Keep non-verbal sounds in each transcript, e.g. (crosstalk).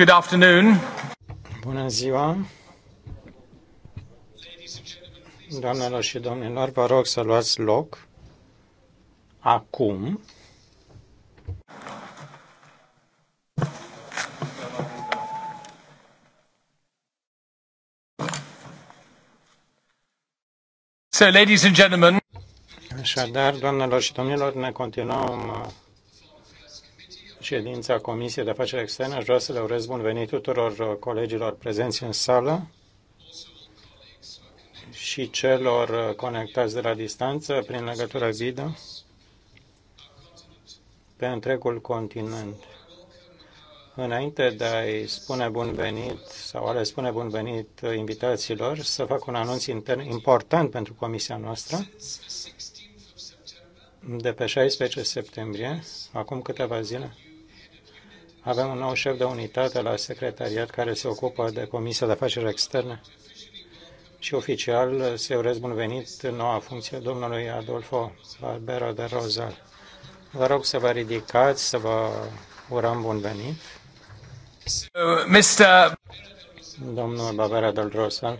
Good afternoon. Bună ziua. Doamnelor și domnilor, vă rog să luați loc acum. So, ladies and gentlemen, Așadar, doamnelor și domnilor, ne continuăm ședința Comisiei de Afaceri Externe. Aș vrea să le urez bun venit tuturor uh, colegilor prezenți în sală și celor uh, conectați de la distanță prin legătură video pe întregul continent. Înainte de a-i spune bun venit sau a le spune bun venit uh, invitațiilor, să fac un anunț intern important pentru comisia noastră. De pe 16 septembrie, acum câteva zile, avem un nou șef de unitate la secretariat care se ocupă de Comisia de Afaceri Externe și oficial se urez bun venit în noua funcție domnului Adolfo Barbero de Rozal. Vă rog să vă ridicați, să vă urăm bun venit. Mr. Domnul Barbero de Rozal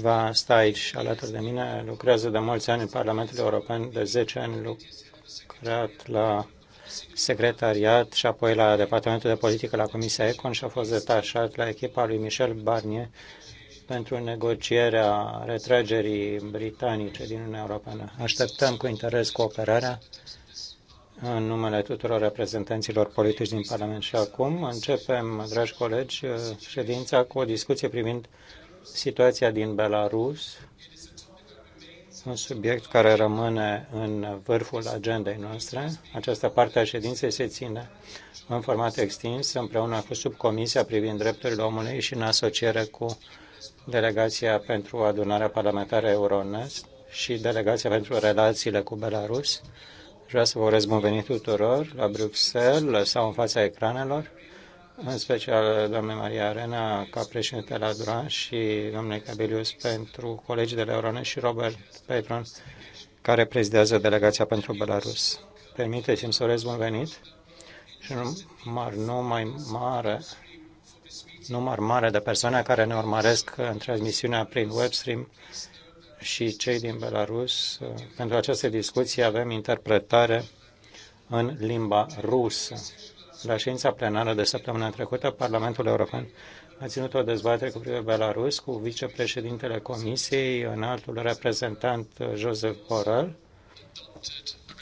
va sta aici alături de mine, lucrează de mulți ani în Parlamentul European, de 10 ani lucrat la secretariat și apoi la Departamentul de Politică la Comisia Econ și a fost detașat la echipa lui Michel Barnier pentru negocierea retragerii britanice din Uniunea Europeană. Așteptăm cu interes cooperarea în numele tuturor reprezentanților politici din Parlament. Și acum începem, dragi colegi, ședința cu o discuție privind situația din Belarus un subiect care rămâne în vârful agendei noastre. Această parte a ședinței se ține în format extins împreună cu subcomisia privind drepturile omului și în asociere cu delegația pentru adunarea parlamentară Euronest și delegația pentru relațiile cu Belarus. Vreau să vă urez bun venit tuturor la Bruxelles sau în fața ecranelor în special doamne Maria Arena ca președinte la duran și domnule Cabelius pentru colegii de la Eurone și Robert Petron care prezidează delegația pentru Belarus. Permiteți-mi să urez bun venit și un număr nu mai mare număr mare de persoane care ne urmăresc în transmisiunea prin webstream și cei din Belarus. Pentru această discuție avem interpretare în limba rusă. La ședința plenară de săptămâna trecută, Parlamentul European a ținut o dezbatere cu privire Belarus cu vicepreședintele Comisiei, înaltul reprezentant Joseph Borrell.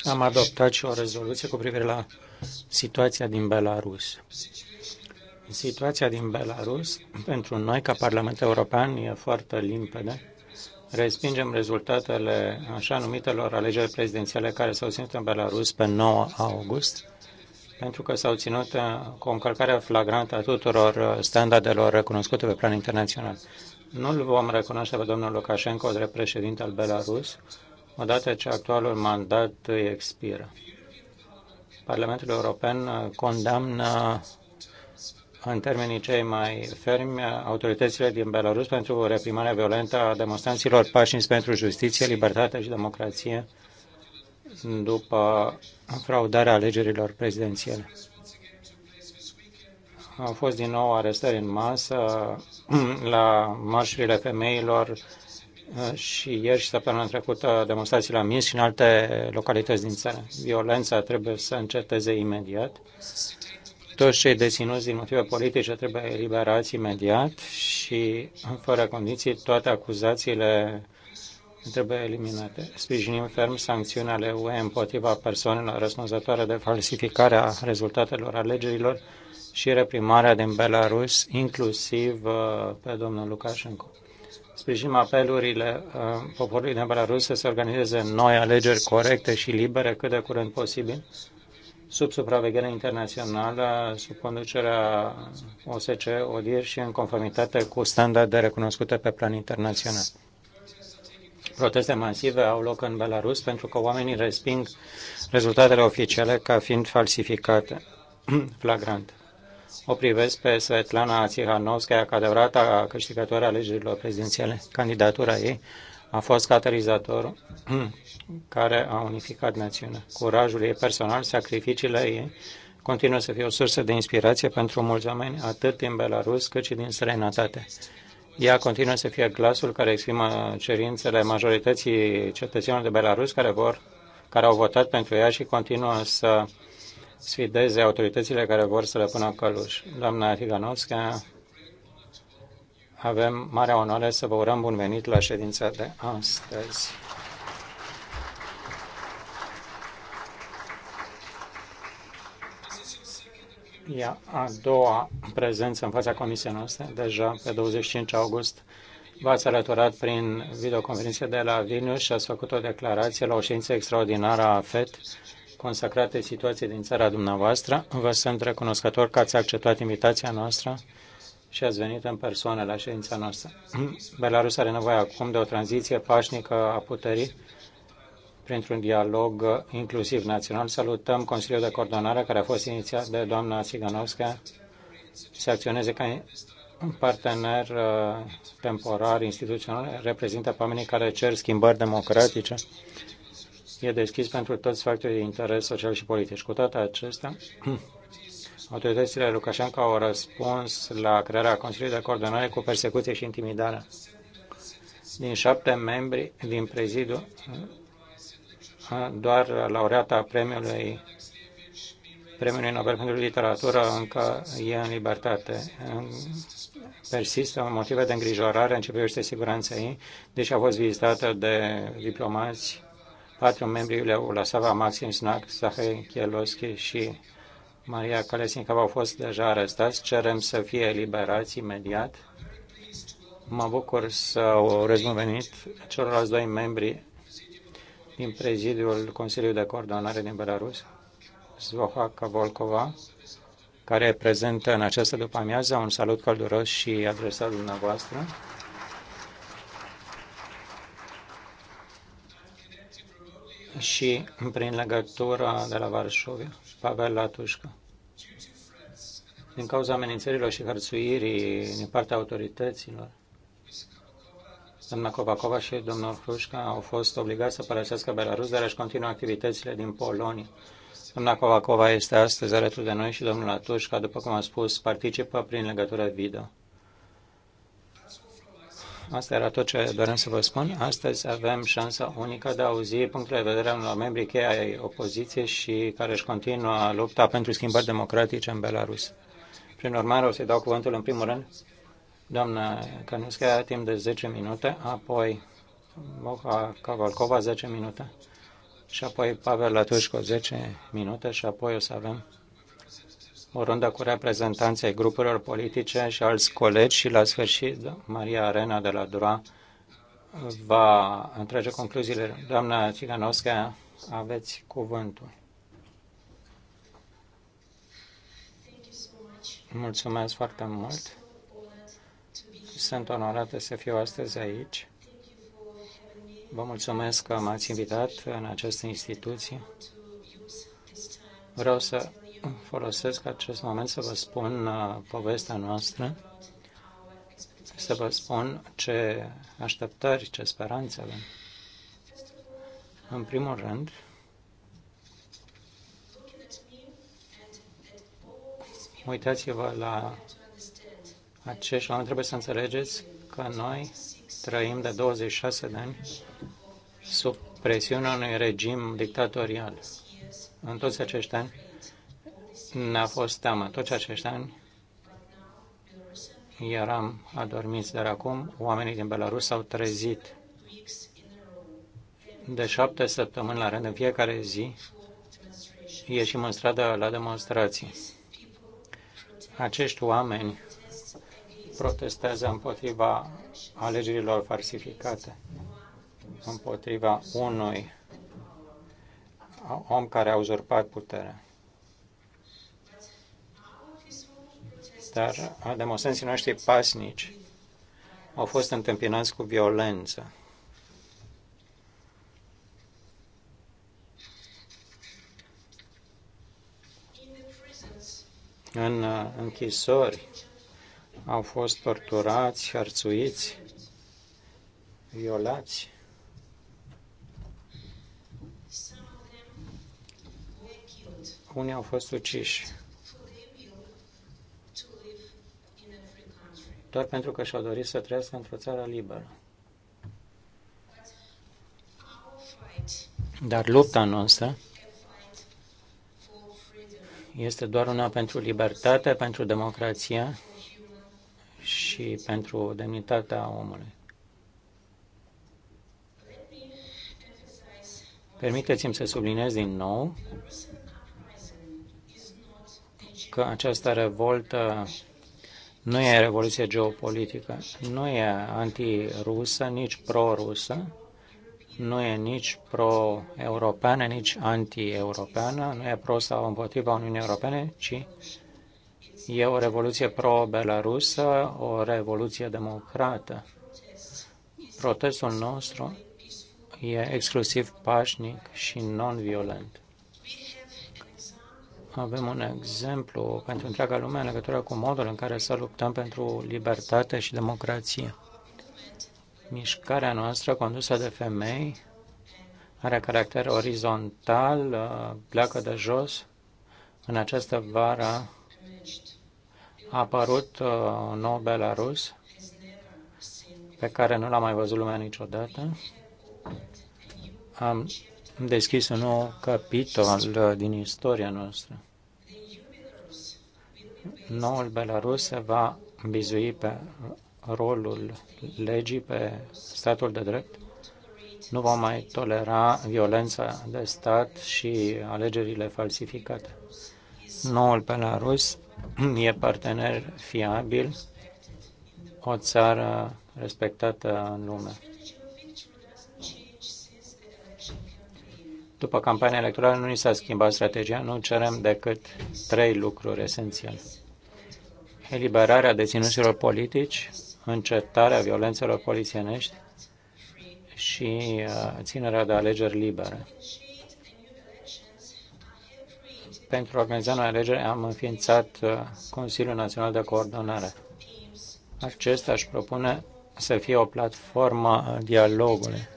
Am adoptat și o rezoluție cu privire la situația din Belarus. Situația din Belarus, pentru noi, ca Parlament European, e foarte limpede. Respingem rezultatele așa numitelor alegeri prezidențiale care s-au ținut în Belarus pe 9 august pentru că s-au ținut uh, cu o încălcare flagrantă a tuturor uh, standardelor recunoscute pe plan internațional. Nu-l vom recunoaște pe domnul Lukashenko drept președinte al Belarus, odată ce actualul mandat îi expiră. Parlamentul European uh, condamnă în termenii cei mai fermi autoritățile din Belarus pentru reprimarea violentă a demonstranților pașnici pentru justiție, libertate și democrație după fraudarea alegerilor prezidențiale. Au fost din nou arestări în masă (clears throat) la marșurile femeilor uh, și ieri și săptămâna trecută demonstrații la Minsk și în alte localități din țară. Violența trebuie să înceteze imediat. Toți cei deținuți din motive politice trebuie eliberați imediat și, fără condiții, toate acuzațiile trebuie eliminate. Sprijinim ferm sancțiunile ale UE împotriva persoanelor răspunzătoare de falsificarea rezultatelor alegerilor și reprimarea din Belarus, inclusiv uh, pe domnul Lukashenko. Sprijinim apelurile uh, poporului din Belarus să se organizeze noi alegeri corecte și libere cât de curând posibil, sub supraveghere internațională, sub conducerea OSCE, ODIR și în conformitate cu standarde recunoscute pe plan internațional. Proteste masive au loc în Belarus pentru că oamenii resping rezultatele oficiale ca fiind falsificate (clears throat) flagrant. O privesc pe Svetlana Tsihanovskaya, ca adevărata câștigătoare a alegerilor prezidențiale. Candidatura ei a fost catalizatorul (clears throat) care a unificat națiunea. Curajul ei personal, sacrificiile ei, continuă să fie o sursă de inspirație pentru mulți oameni, atât din Belarus cât și din străinătate. Ea continuă să fie glasul care exprimă cerințele majorității cetățenilor de Belarus care, vor, care au votat pentru ea și continuă să sfideze autoritățile care vor să le pună căluș. Doamna Tiganovska, avem mare onoare să vă urăm bun venit la ședința de astăzi. ea a doua prezență în fața comisiei noastre, deja pe 25 august V-ați alăturat prin videoconferință de la Vilnius și ați făcut o declarație la o ședință extraordinară a FED consacrate situației din țara dumneavoastră. Vă sunt recunoscător că ați acceptat invitația noastră și ați venit în persoană la ședința noastră. Belarus are nevoie acum de o tranziție pașnică a puterii printr-un dialog inclusiv național. Salutăm Consiliul de Coordonare care a fost inițiat de doamna Siganovska să acționeze ca un partener uh, temporar instituțional, reprezintă pe oamenii care cer schimbări democratice. E deschis pentru toți factorii de interes social și politic. Cu toate acestea, (clears throat) autoritățile Lukashenko au răspuns la crearea Consiliului de Coordonare cu persecuție și intimidare. Din șapte membri din prezidiu, doar laureata premiului Premiului Nobel pentru Literatură încă e în libertate. Persistă motive de îngrijorare în ce privește siguranța ei, deși a fost vizitată de diplomați, patru membri, Iulia Ulasava, Maxim Snak, Zahai Kieloski și Maria Kalesnikov au fost deja arestați. Cerem să fie eliberați imediat. Mă bucur să o bun venit celorlalți doi membri din prezidiul Consiliului de Coordonare din Belarus, Zvohaka Volkova, care prezentă în această după-amiază un salut călduros și adresat dumneavoastră. și prin legătura de la Varșovia, Pavel Latușca. Din cauza amenințărilor și hărțuirii din partea autorităților, Doamna Covacova și domnul Hrușca au fost obligați să părăsească Belarus, dar își continuă activitățile din Polonia. Doamna Covacova este astăzi alături de noi și domnul Atușca, după cum am spus, participă prin legătură video. Asta era tot ce doream să vă spun. Astăzi avem șansa unică de a auzi punctul de vedere unor membri cheie ai opoziției și care își continuă lupta pentru schimbări democratice în Belarus. Prin urmare, o să-i dau cuvântul în primul rând Doamna Canusca, timp de 10 minute, apoi Moha Cavalcova 10 minute și apoi Pavel Latușco 10 minute și apoi o să avem o rundă cu reprezentanții grupurilor politice și alți colegi și la sfârșit Maria Arena de la Dura va întrage concluziile. Doamna Ciganovska, aveți cuvântul. Mulțumesc foarte mult. Sunt onorată să fiu astăzi aici. Vă mulțumesc că m-ați invitat în această instituție. Vreau să folosesc acest moment să vă spun uh, povestea noastră, să vă spun ce așteptări, ce speranțe avem. În primul rând, uitați-vă la acești oameni trebuie să înțelegeți că noi trăim de 26 de ani sub presiunea unui regim dictatorial. În toți acești ani ne-a fost teamă. În toți acești ani eram adormiți, dar acum oamenii din Belarus s-au trezit. De șapte săptămâni la rând, în fiecare zi, ieșim în stradă la demonstrații. Acești oameni protestează împotriva alegerilor falsificate, împotriva unui om care a uzurpat puterea. Dar demonstranții noștri pasnici au fost întâmpinați cu violență. În uh, închisori, au fost torturați, hărțuiți, violați. Unii au fost uciși. Doar pentru că și-au dorit să trăiască într-o țară liberă. Dar lupta noastră este doar una pentru libertate, pentru democrație, și pentru demnitatea omului. Permiteți-mi să subliniez din nou că această revoltă nu e revoluție geopolitică, nu e antirusă, nici pro-rusă, nu e nici pro-europeană, nici anti-europeană, nu e pro sau împotriva Uniunii Europene, ci E o revoluție pro-belarusă, o revoluție democrată. Protestul nostru e exclusiv pașnic și non-violent. Avem un exemplu pentru întreaga lume în legătură cu modul în care să luptăm pentru libertate și democrație. Mișcarea noastră condusă de femei are caracter orizontal, uh, pleacă de jos. În această vară a apărut uh, un nou Belarus pe care nu l-a mai văzut lumea niciodată. Am deschis un nou capitol uh, din istoria noastră. Noul Belarus se va bizui pe rolul legii, pe statul de drept. Nu va mai tolera violența de stat și alegerile falsificate. Noul Belarus (clears throat) e partener fiabil, o țară respectată în lume. După campania electorală nu ni s-a schimbat strategia, nu cerem decât trei lucruri esențiale. Eliberarea deținuților politici, încetarea violențelor polițienești și uh, ținerea de alegeri libere. Pentru organizarea alegeri am înființat uh, Consiliul Național de Coordonare. Acesta își propune să fie o platformă a dialogului.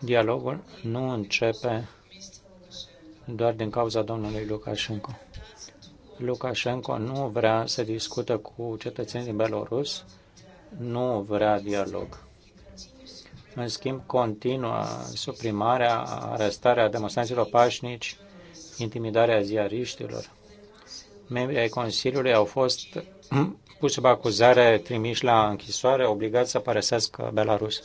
Dialogul nu începe doar din cauza domnului Lukashenko. Lukashenko nu vrea să discută cu cetățenii din Belarus, nu vrea dialog. În schimb, continuă suprimarea, arestarea demonstranților pașnici, intimidarea ziariștilor. Membrii ai Consiliului au fost (clears throat) puși sub acuzare, trimiși la închisoare, obligați să părăsească Belarus.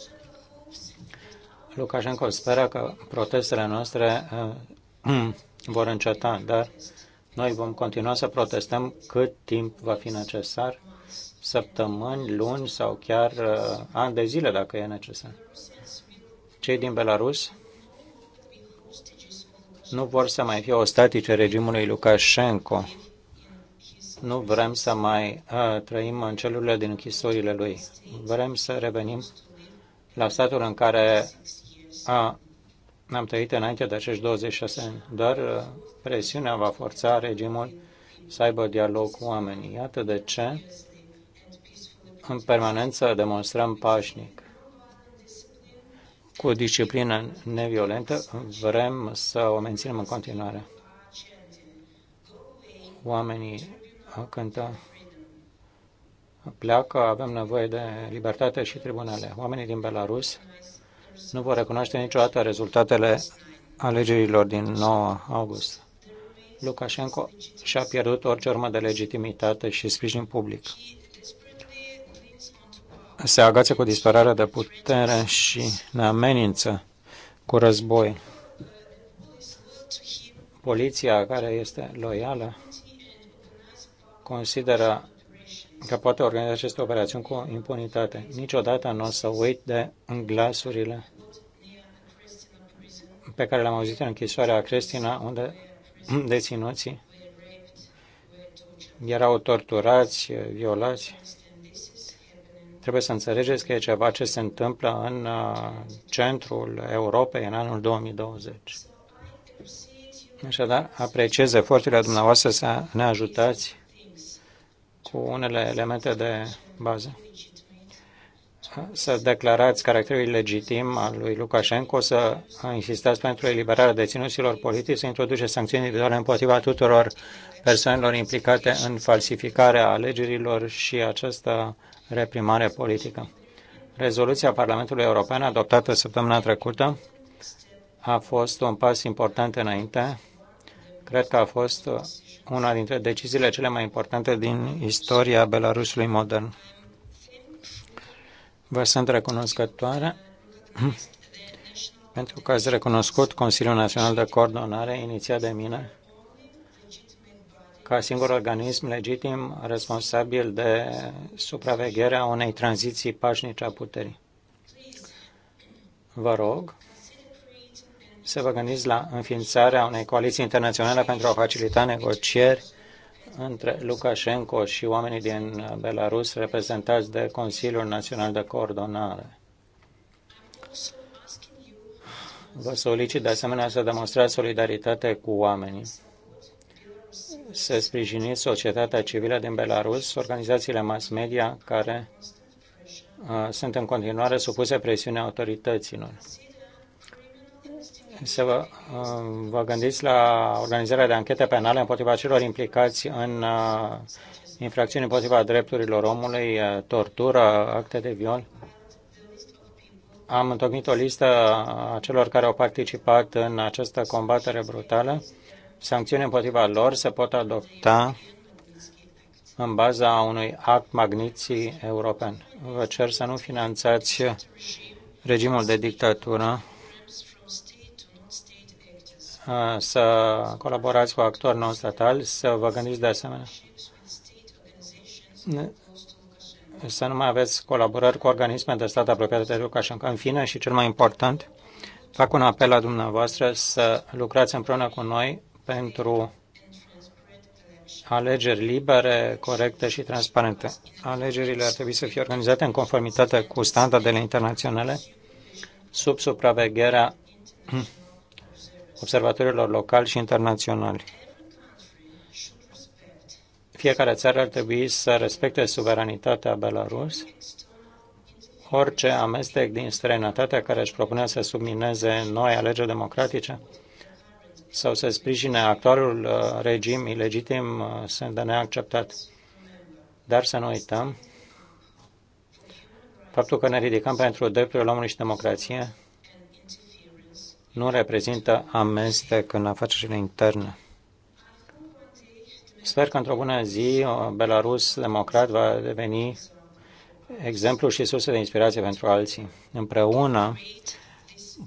Lukashenko speră că protestele noastre (clears throat) vor înceta, dar noi vom continua să protestăm cât timp va fi necesar, săptămâni, luni sau chiar uh, ani de zile dacă e necesar. Cei din Belarus nu vor să mai fie ostatice regimului Lukashenko. Nu vrem să mai a, trăim în celulele din închisorile lui. Vrem să revenim la statul în care a, am trăit înainte de acești 26 ani, dar presiunea va forța regimul să aibă dialog cu oamenii. Iată de ce în permanență demonstrăm pașnic cu disciplină neviolentă, vrem să o menținem în continuare. Oamenii cântă, pleacă, avem nevoie de libertate și tribunale. Oamenii din Belarus nu vor recunoaște niciodată rezultatele alegerilor din 9 august. Lukashenko și-a pierdut orice urmă de legitimitate și sprijin public se agață cu disperarea de putere și ne amenință cu război. Poliția care este loială consideră că poate organiza aceste operațiuni cu impunitate. Niciodată nu o să uit de glasurile pe care le-am auzit în închisoarea Cristina, unde (clears throat) deținuții erau torturați, violați Trebuie să înțelegeți că e ceva ce se întâmplă în uh, centrul Europei în anul 2020. Așadar, apreciez eforturile dumneavoastră să ne ajutați cu unele elemente de bază. Să declarați caracterul legitim al lui Lukashenko, să insistați pentru eliberarea deținuților politici, să introduceți sancțiuni individuale împotriva tuturor persoanelor implicate în falsificarea alegerilor și această reprimare politică. Rezoluția Parlamentului European adoptată săptămâna trecută a fost un pas important înainte. Cred că a fost una dintre deciziile cele mai importante din istoria Belarusului modern. Vă sunt recunoscătoare (clears throat) pentru că ați recunoscut Consiliul Național de Coordonare inițiat de mine ca singur organism legitim responsabil de supravegherea unei tranziții pașnice a puterii. Vă rog să vă gândiți la înființarea unei coaliții internaționale pentru a facilita negocieri între Lukashenko și oamenii din Belarus reprezentați de Consiliul Național de Coordonare. Vă solicit de asemenea să demonstrați solidaritate cu oamenii să sprijiniți societatea civilă din Belarus, organizațiile mass media care uh, sunt în continuare supuse presiunea autorităților. Să vă, uh, vă gândiți la organizarea de anchete penale împotriva celor implicați în uh, infracțiuni împotriva drepturilor omului, tortură, acte de viol. Am întocmit o listă a celor care au participat în această combatere brutală sancțiuni împotriva lor se pot adopta în baza unui act magniții european. Vă cer să nu finanțați regimul de dictatură, să colaborați cu actori non-statali, să vă gândiți de asemenea să nu mai aveți colaborări cu organisme de stat apropiate de Lukashenko. În fine, și cel mai important, fac un apel la dumneavoastră să lucrați împreună cu noi pentru alegeri libere, corecte și transparente. Alegerile ar trebui să fie organizate în conformitate cu standardele internaționale, sub supravegherea (clears throat) observatorilor locali și internaționali. Fiecare țară ar trebui să respecte suveranitatea Belarus. Orice amestec din străinătatea care își propunea să submineze noi alegeri democratice sau să sprijine actualul uh, regim ilegitim uh, sunt de neacceptat. Dar să nu uităm faptul că ne ridicăm pentru drepturile omului și democrație nu reprezintă amestec în afacerile interne. Sper că într-o bună zi uh, Belarus democrat va deveni exemplu și sursă de inspirație pentru alții. Împreună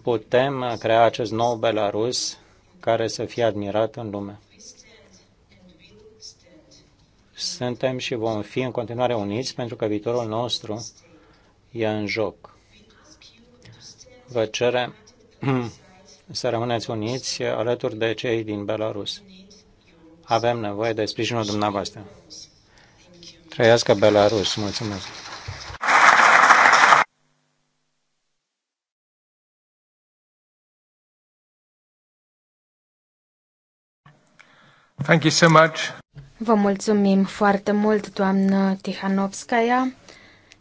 putem crea acest nou Belarus care să fie admirat în lume. Suntem și vom fi în continuare uniți pentru că viitorul nostru e în joc. Vă cerem (clears throat) să rămâneți uniți alături de cei din Belarus. Avem nevoie de sprijinul dumneavoastră. Trăiască Belarus! Mulțumesc! Thank you so much. Vă mulțumim foarte mult, doamnă Tihanovskaya.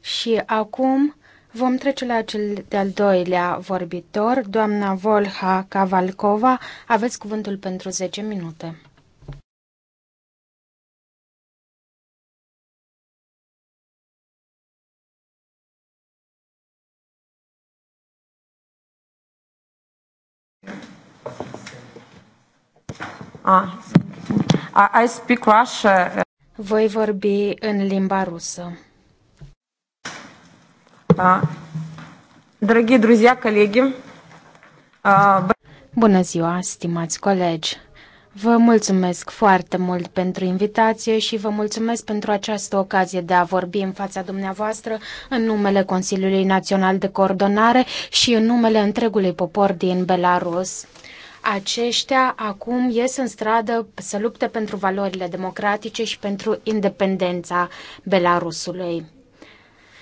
Și acum vom trece la cel de-al doilea vorbitor, doamna Volha Kavalkova. Aveți cuvântul pentru 10 minute. Ah, I speak Russia. Voi vorbi în limba rusă. Da. Dragi друзья, colegi. Uh, Bună ziua, stimați colegi. Vă mulțumesc foarte mult pentru invitație și vă mulțumesc pentru această ocazie de a vorbi în fața dumneavoastră în numele Consiliului Național de Coordonare și în numele întregului popor din Belarus. Aceștia acum ies în stradă să lupte pentru valorile democratice și pentru independența Belarusului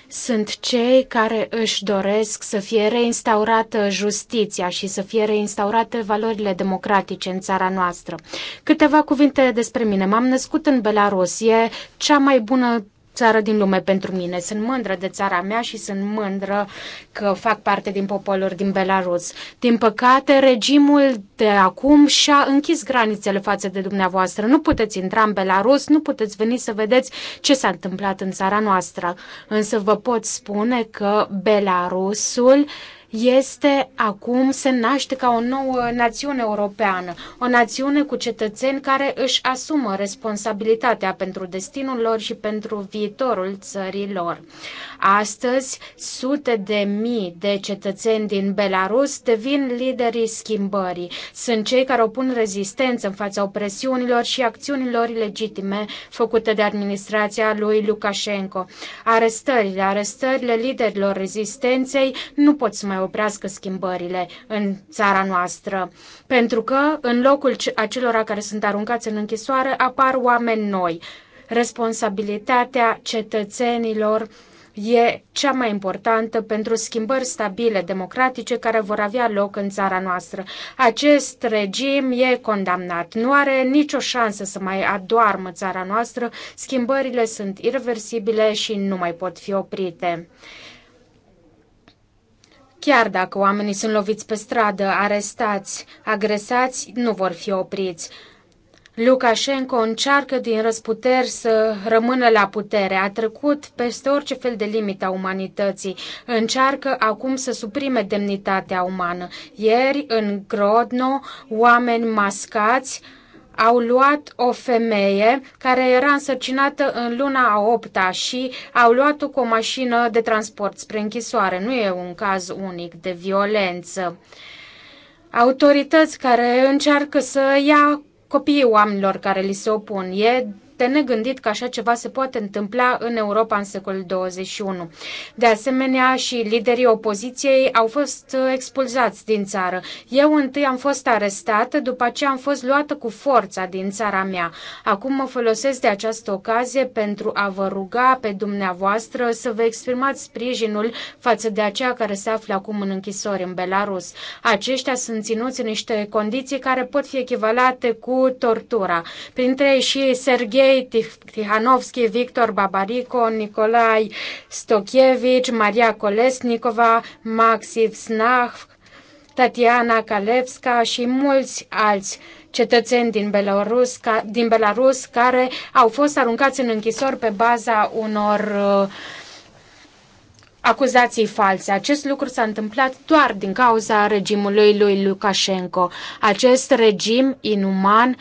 sunt cei care își doresc să fie reinstaurată justiția și să fie reinstaurate valorile democratice în țara noastră. Câteva cuvinte despre mine. M-am născut în Belarus. E cea mai bună țară din lume pentru mine. Sunt mândră de țara mea și sunt mândră că fac parte din poporul din Belarus. Din păcate, regimul de acum și-a închis granițele față de dumneavoastră. Nu puteți intra în Belarus, nu puteți veni să vedeți ce s-a întâmplat în țara noastră. Însă vă pot spune că Belarusul uh, este acum, se naște ca o nouă națiune europeană, o națiune cu cetățeni care își asumă responsabilitatea pentru destinul lor și pentru viitorul țării lor. Astăzi, sute de mii de cetățeni din Belarus devin liderii schimbării. Sunt cei care opun rezistență în fața opresiunilor și acțiunilor legitime făcute de administrația lui Lukashenko. Arestările, arestările liderilor rezistenței nu pot să mai mai oprească schimbările în țara noastră, pentru că în locul acelora care sunt aruncați în închisoare apar oameni noi. Responsabilitatea cetățenilor e cea mai importantă pentru schimbări stabile democratice care vor avea loc în țara noastră. Acest regim e condamnat. Nu are nicio șansă să mai adoarmă țara noastră. Schimbările sunt irreversibile și nu mai pot fi oprite. Chiar dacă oamenii sunt loviți pe stradă, arestați, agresați, nu vor fi opriți. Lukashenko încearcă din răsputeri să rămână la putere. A trecut peste orice fel de limită a umanității. Încearcă acum să suprime demnitatea umană. Ieri, în Grodno, oameni mascați au luat o femeie care era însărcinată în luna a opta și au luat-o cu o mașină de transport spre închisoare. Nu e un caz unic de violență. Autorități care încearcă să ia copiii oamenilor care li se opun. E de negândit că așa ceva se poate întâmpla în Europa în secolul 21. De asemenea, și liderii opoziției au fost uh, expulzați din țară. Eu întâi am fost arestată, după ce am fost luată cu forța din țara mea. Acum mă folosesc de această ocazie pentru a vă ruga pe dumneavoastră să vă exprimați sprijinul față de aceia care se află acum în închisori în Belarus. Aceștia sunt ținuți în niște condiții care pot fi echivalate cu tortura. Printre ei și Sergei Andrei Tihanovski, Victor Babarico, Nicolai Stokievici, Maria Kolesnikova, Maxiv Snah, Tatiana Kalevska și mulți alți cetățeni din Belarus, ca, din Belarus care au fost aruncați în închisori pe baza unor uh, acuzații false. Acest lucru s-a întâmplat doar din cauza regimului lui Lukashenko. Acest regim inuman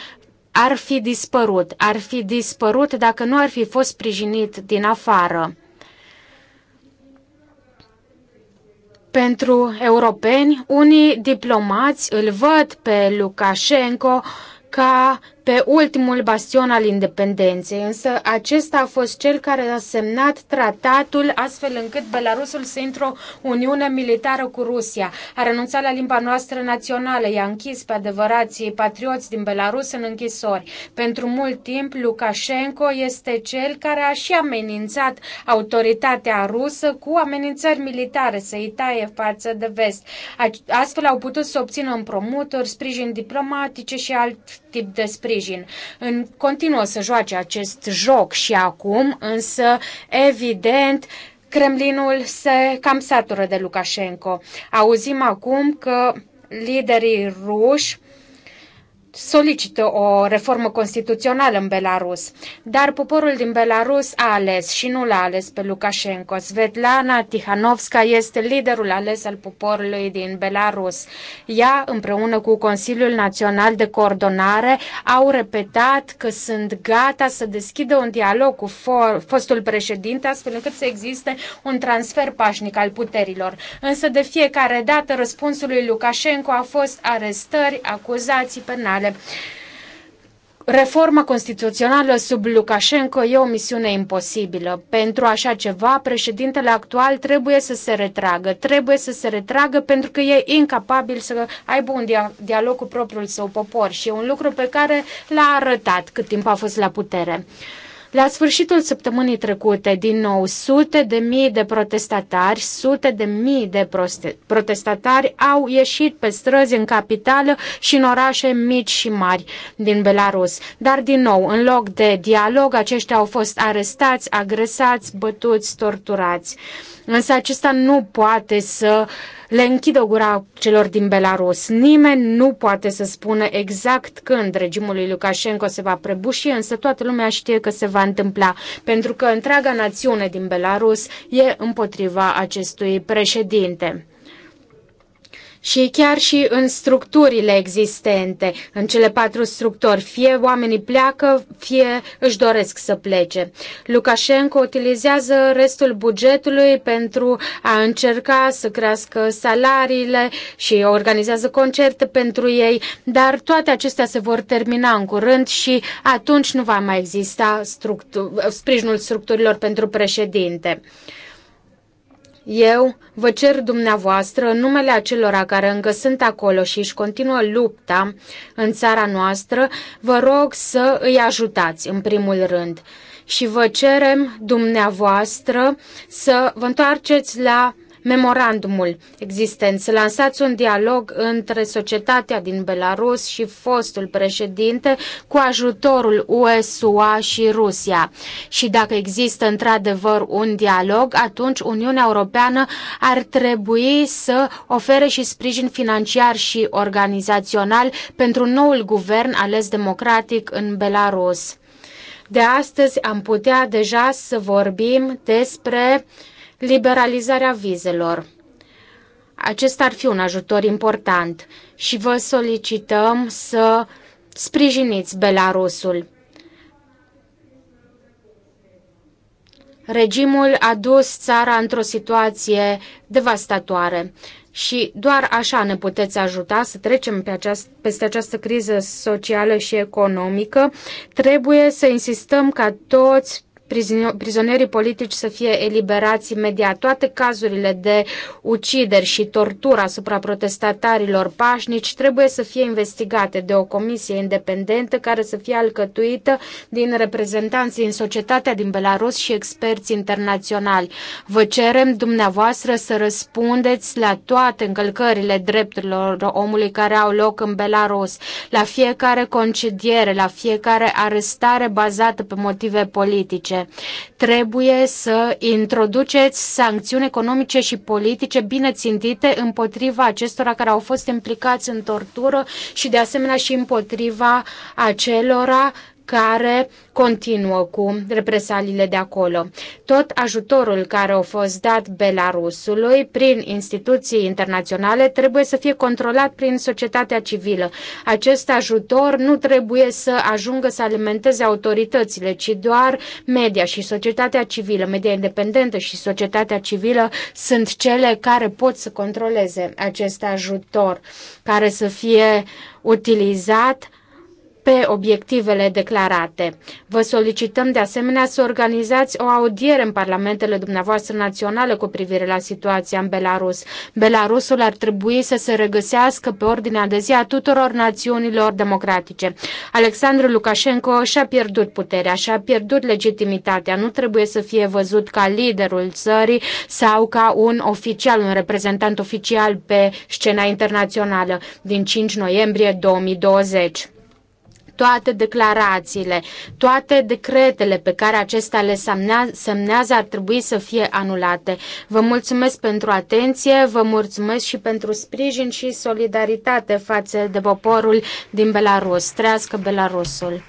ar fi dispărut, ar fi dispărut dacă nu ar fi fost sprijinit din afară. Pentru europeni, unii diplomați îl văd pe Lukashenko ca pe ultimul bastion al independenței, însă acesta a fost cel care a semnat tratatul astfel încât Belarusul să intre o uniune militară cu Rusia. A renunțat la limba noastră națională, i-a închis pe adevărații patrioți din Belarus în închisori. Pentru mult timp, Lukashenko este cel care a și amenințat autoritatea rusă cu amenințări militare să îi taie față de vest. Astfel au putut să obțină împrumuturi, sprijin diplomatice și alt tip de sprijin sprijin. În continuă să joace acest joc și acum, însă, evident, Kremlinul se cam satură de Lukashenko. Auzim acum că liderii ruși solicită o reformă constituțională în Belarus, dar poporul din Belarus a ales și nu l-a ales pe Lukashenko. Svetlana Tihanovska este liderul ales al poporului din Belarus. Ea, împreună cu Consiliul Național de Coordonare, au repetat că sunt gata să deschidă un dialog cu fostul președinte, astfel încât să existe un transfer pașnic al puterilor. Însă de fiecare dată răspunsul lui Lukashenko a fost arestări, acuzații penale mele. Reforma constituțională sub Lukashenko e o misiune imposibilă. Pentru așa ceva, președintele actual trebuie să se retragă. Trebuie să se retragă pentru că e incapabil să aibă un dialog cu propriul său popor și e un lucru pe care l-a arătat cât timp a fost la putere. La sfârșitul săptămânii trecute, din nou, sute de mii de protestatari, sute de mii de protestatari au ieșit pe străzi în capitală și în orașe mici și mari din Belarus. Dar, din nou, în loc de dialog, aceștia au fost arestați, agresați, bătuți, torturați. Însă acesta nu poate să uh, le închidă gura celor din Belarus. Nimeni nu poate să spună exact când regimul lui Lukashenko se va prăbuși, însă toată lumea știe că se va întâmpla, pentru că întreaga națiune din Belarus e împotriva acestui președinte și chiar și în structurile existente, în cele patru structuri. Fie oamenii pleacă, fie își doresc să plece. Lukashenko utilizează restul bugetului pentru a încerca să crească salariile și organizează concerte pentru ei, dar toate acestea se vor termina în curând și atunci nu va mai exista structur, sprijinul structurilor pentru președinte. Eu vă cer dumneavoastră în numele acelora care încă sunt acolo și își continuă lupta în țara noastră, vă rog să îi ajutați în primul rând și vă cerem dumneavoastră să vă întoarceți la memorandumul existent, să lansați un dialog între societatea din Belarus și fostul președinte cu ajutorul USUA și Rusia. Și dacă există într-adevăr un dialog, atunci Uniunea Europeană ar trebui să ofere și sprijin financiar și organizațional pentru noul guvern ales democratic în Belarus. De astăzi am putea deja să vorbim despre uh, liberalizarea vizelor. Acesta ar fi un ajutor important și vă solicităm să sprijiniți Belarusul. Regimul a dus țara într-o situație devastatoare și doar așa ne puteți ajuta să trecem pe aceast- peste această criză socială și economică. Trebuie să insistăm ca toți prizonierii politici să fie eliberați imediat. Toate cazurile de ucideri și tortură asupra protestatarilor pașnici trebuie să fie investigate de o comisie independentă care să fie alcătuită din reprezentanții în societatea din Belarus și experți internaționali. Vă cerem dumneavoastră să răspundeți la toate încălcările drepturilor omului care au loc în Belarus, la fiecare concediere, la fiecare arestare bazată pe motive politice economice. Trebuie să introduceți sancțiuni economice și politice bine țintite împotriva acestora care au fost implicați în tortură și de asemenea și împotriva acelora care continuă cu represaliile de acolo. Tot ajutorul care a fost dat Belarusului prin instituții internaționale trebuie să fie controlat prin societatea civilă. Acest ajutor nu trebuie să ajungă să alimenteze autoritățile, ci doar media și societatea civilă, media independentă și societatea civilă sunt cele care pot să controleze acest ajutor, care să fie utilizat pe obiectivele declarate. Vă solicităm de asemenea să organizați o audiere în parlamentele dumneavoastră naționale cu privire la situația în Belarus. Belarusul ar trebui să se regăsească pe ordinea de zi a tuturor națiunilor democratice. Alexandru Lukashenko și-a pierdut puterea, și-a pierdut legitimitatea. Nu trebuie să fie văzut ca liderul țării sau ca un oficial, un reprezentant oficial pe scena internațională din 5 noiembrie 2020 toate declarațiile, toate decretele pe care acesta le semnează ar trebui să fie anulate. Vă mulțumesc pentru atenție, vă mulțumesc și pentru sprijin și solidaritate față de poporul din Belarus. Trească Belarusul!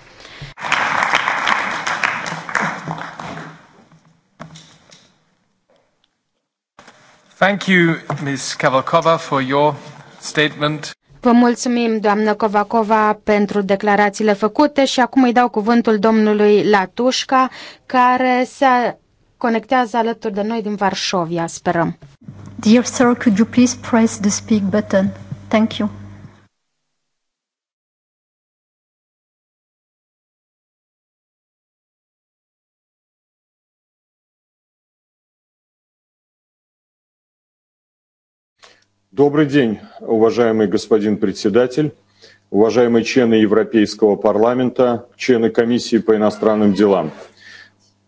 Thank you, Ms. Kavalkova, for your statement. Vă mulțumim, doamnă Covacova, pentru declarațiile făcute și acum îi dau cuvântul domnului Latușca, care se conectează alături de noi din Varșovia, sperăm. Dear sir, could you please press the speak button? Thank you. Добрый день, уважаемый господин председатель, уважаемые члены Европейского парламента, члены Комиссии по иностранным делам.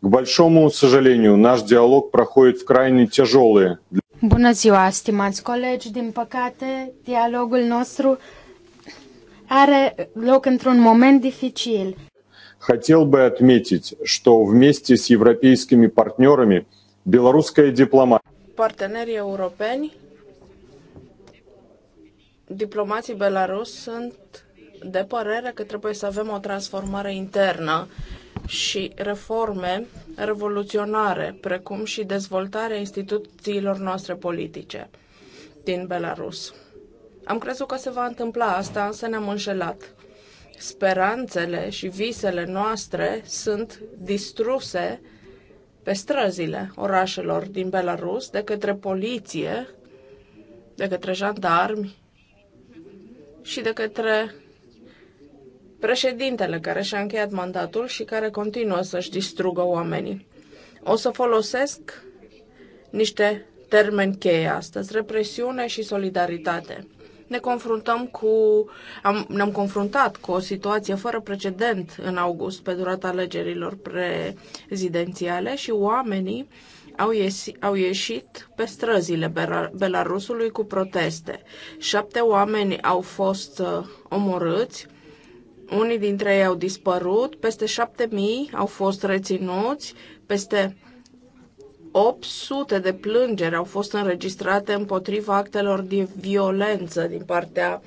К большому сожалению, наш диалог проходит в крайне тяжелые... Bună ziua, stimați colegi! Din păcate, dialogul nostru are loc într-un moment dificil. Хотел бы отметить, что вместе с европейскими партнерами белорусская дипломатия... Partenerii europeni diplomații belarus sunt de părere că trebuie să avem o transformare internă și reforme revoluționare, precum și dezvoltarea instituțiilor noastre politice din Belarus. Am crezut că se va întâmpla asta, însă ne-am înșelat. Speranțele și visele noastre sunt distruse pe străzile orașelor din Belarus de către poliție, de către jandarmi și de către președintele care și-a încheiat mandatul și care continuă să-și distrugă oamenii. O să folosesc niște termeni cheie astăzi, represiune și solidaritate. Ne confruntăm cu, am, ne-am confruntat cu o situație fără precedent în august pe durata alegerilor prezidențiale și oamenii uh, au, au ieșit pe străzile Belarusului cu proteste. Șapte oameni au fost uh, omorâți, unii dintre ei au dispărut, peste șapte mii au fost reținuți, peste 800 de plângeri au fost înregistrate împotriva actelor de violență din partea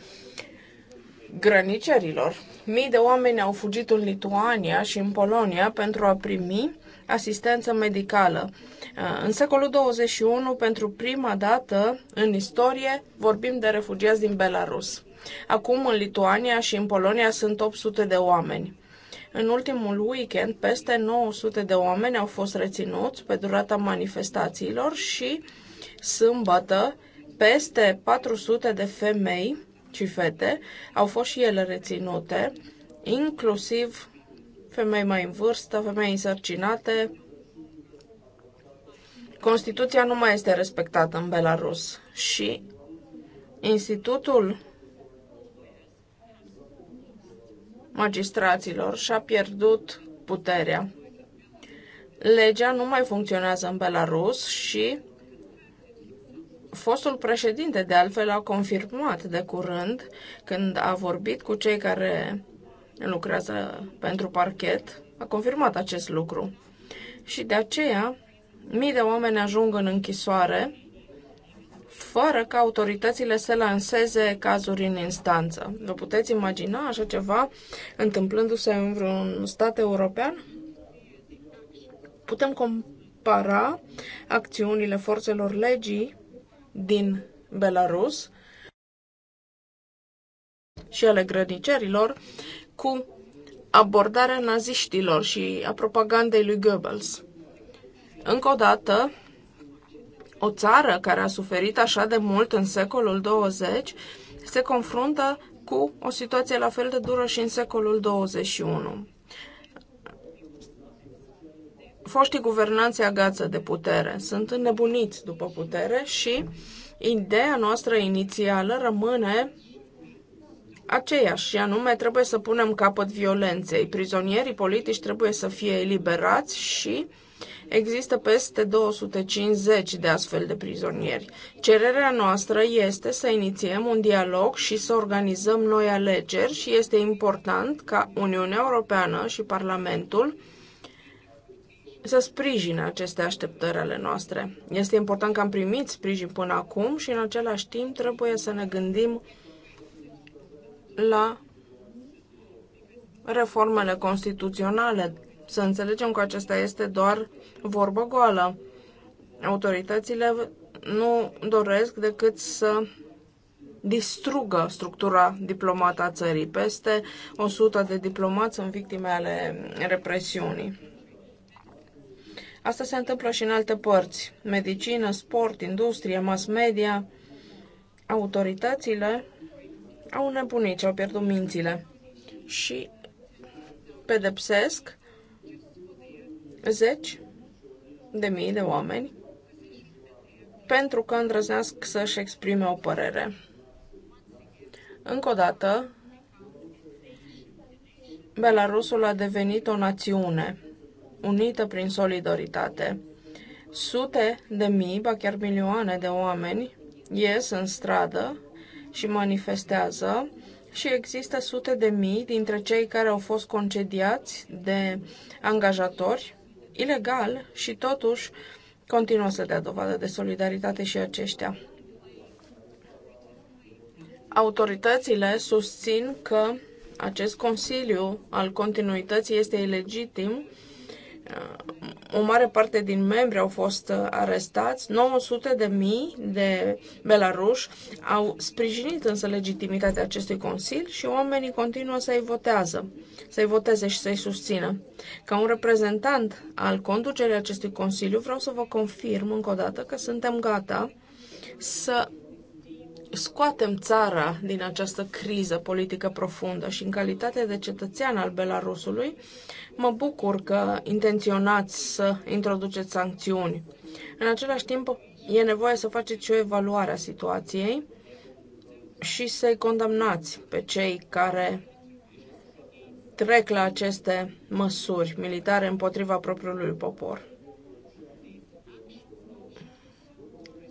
granicerilor. Mii de oameni au fugit în Lituania și în Polonia pentru a primi asistență medicală. Uh, în secolul 21, pentru prima dată în istorie, vorbim de refugiați din Belarus. Acum, în Lituania și în Polonia sunt 800 de oameni. În ultimul weekend, peste 900 de oameni au fost reținuți pe durata manifestațiilor și sâmbătă peste 400 de femei și fete au fost și ele reținute, inclusiv femei mai în vârstă, femei însărcinate. Constituția nu mai este respectată în Belarus și Institutul Magistraților și-a pierdut puterea. Legea nu mai funcționează în Belarus și fostul președinte, de altfel, a confirmat de curând, când a vorbit cu cei care lucrează pentru parchet, a confirmat acest lucru. Și de aceea, mii de oameni ajung în închisoare fără ca autoritățile să lanseze cazuri în instanță. Vă puteți imagina așa ceva întâmplându-se în vreun stat european? Putem compara acțiunile forțelor legii din Belarus și ale grănicerilor cu abordarea naziștilor și a propagandei lui Goebbels. Încă o dată, o țară care a suferit așa de mult în secolul 20 se confruntă cu o situație la fel de dură și în secolul 21. Foștii guvernanți agață de putere, sunt înnebuniți după putere și ideea noastră inițială rămâne aceeași, și anume trebuie să punem capăt violenței. Prizonierii politici trebuie să fie eliberați și Există peste 250 de astfel de prizonieri. Cererea noastră este să inițiem un dialog și să organizăm noi alegeri și este important ca Uniunea Europeană și Parlamentul să sprijine aceste așteptări ale noastre. Este important că am primit sprijin până acum și în același timp trebuie să ne gândim la reformele constituționale. Să înțelegem că acesta este doar vorbă goală. Autoritățile nu doresc decât să distrugă structura diplomată a țării. Peste 100 de diplomați sunt victime ale represiunii. Asta se întâmplă și în alte părți. Medicină, sport, industrie, mass media. Autoritățile au nebunit și au pierdut mințile. Și pedepsesc zeci de mii de oameni pentru că îndrăznesc să-și exprime o părere. Încă o dată, Belarusul a devenit o națiune unită prin solidaritate. Sute de mii, ba chiar milioane de oameni ies în stradă și manifestează și există sute de mii dintre cei care au fost concediați de angajatori ilegal și totuși continuă să dea dovadă de solidaritate și aceștia. Autoritățile susțin că acest Consiliu al Continuității este ilegitim o mare parte din membri au fost uh, arestați, 900 de mii de belaruși au sprijinit însă legitimitatea acestui consil și oamenii continuă să-i votează, să-i voteze și să-i susțină. Ca un reprezentant al conducerii acestui consiliu vreau să vă confirm încă o dată că suntem gata să scoatem țara din această criză politică profundă și în calitate de cetățean al Belarusului, mă bucur că intenționați să introduceți sancțiuni. În același timp, e nevoie să faceți o evaluare a situației și să-i condamnați pe cei care trec la aceste măsuri militare împotriva propriului popor.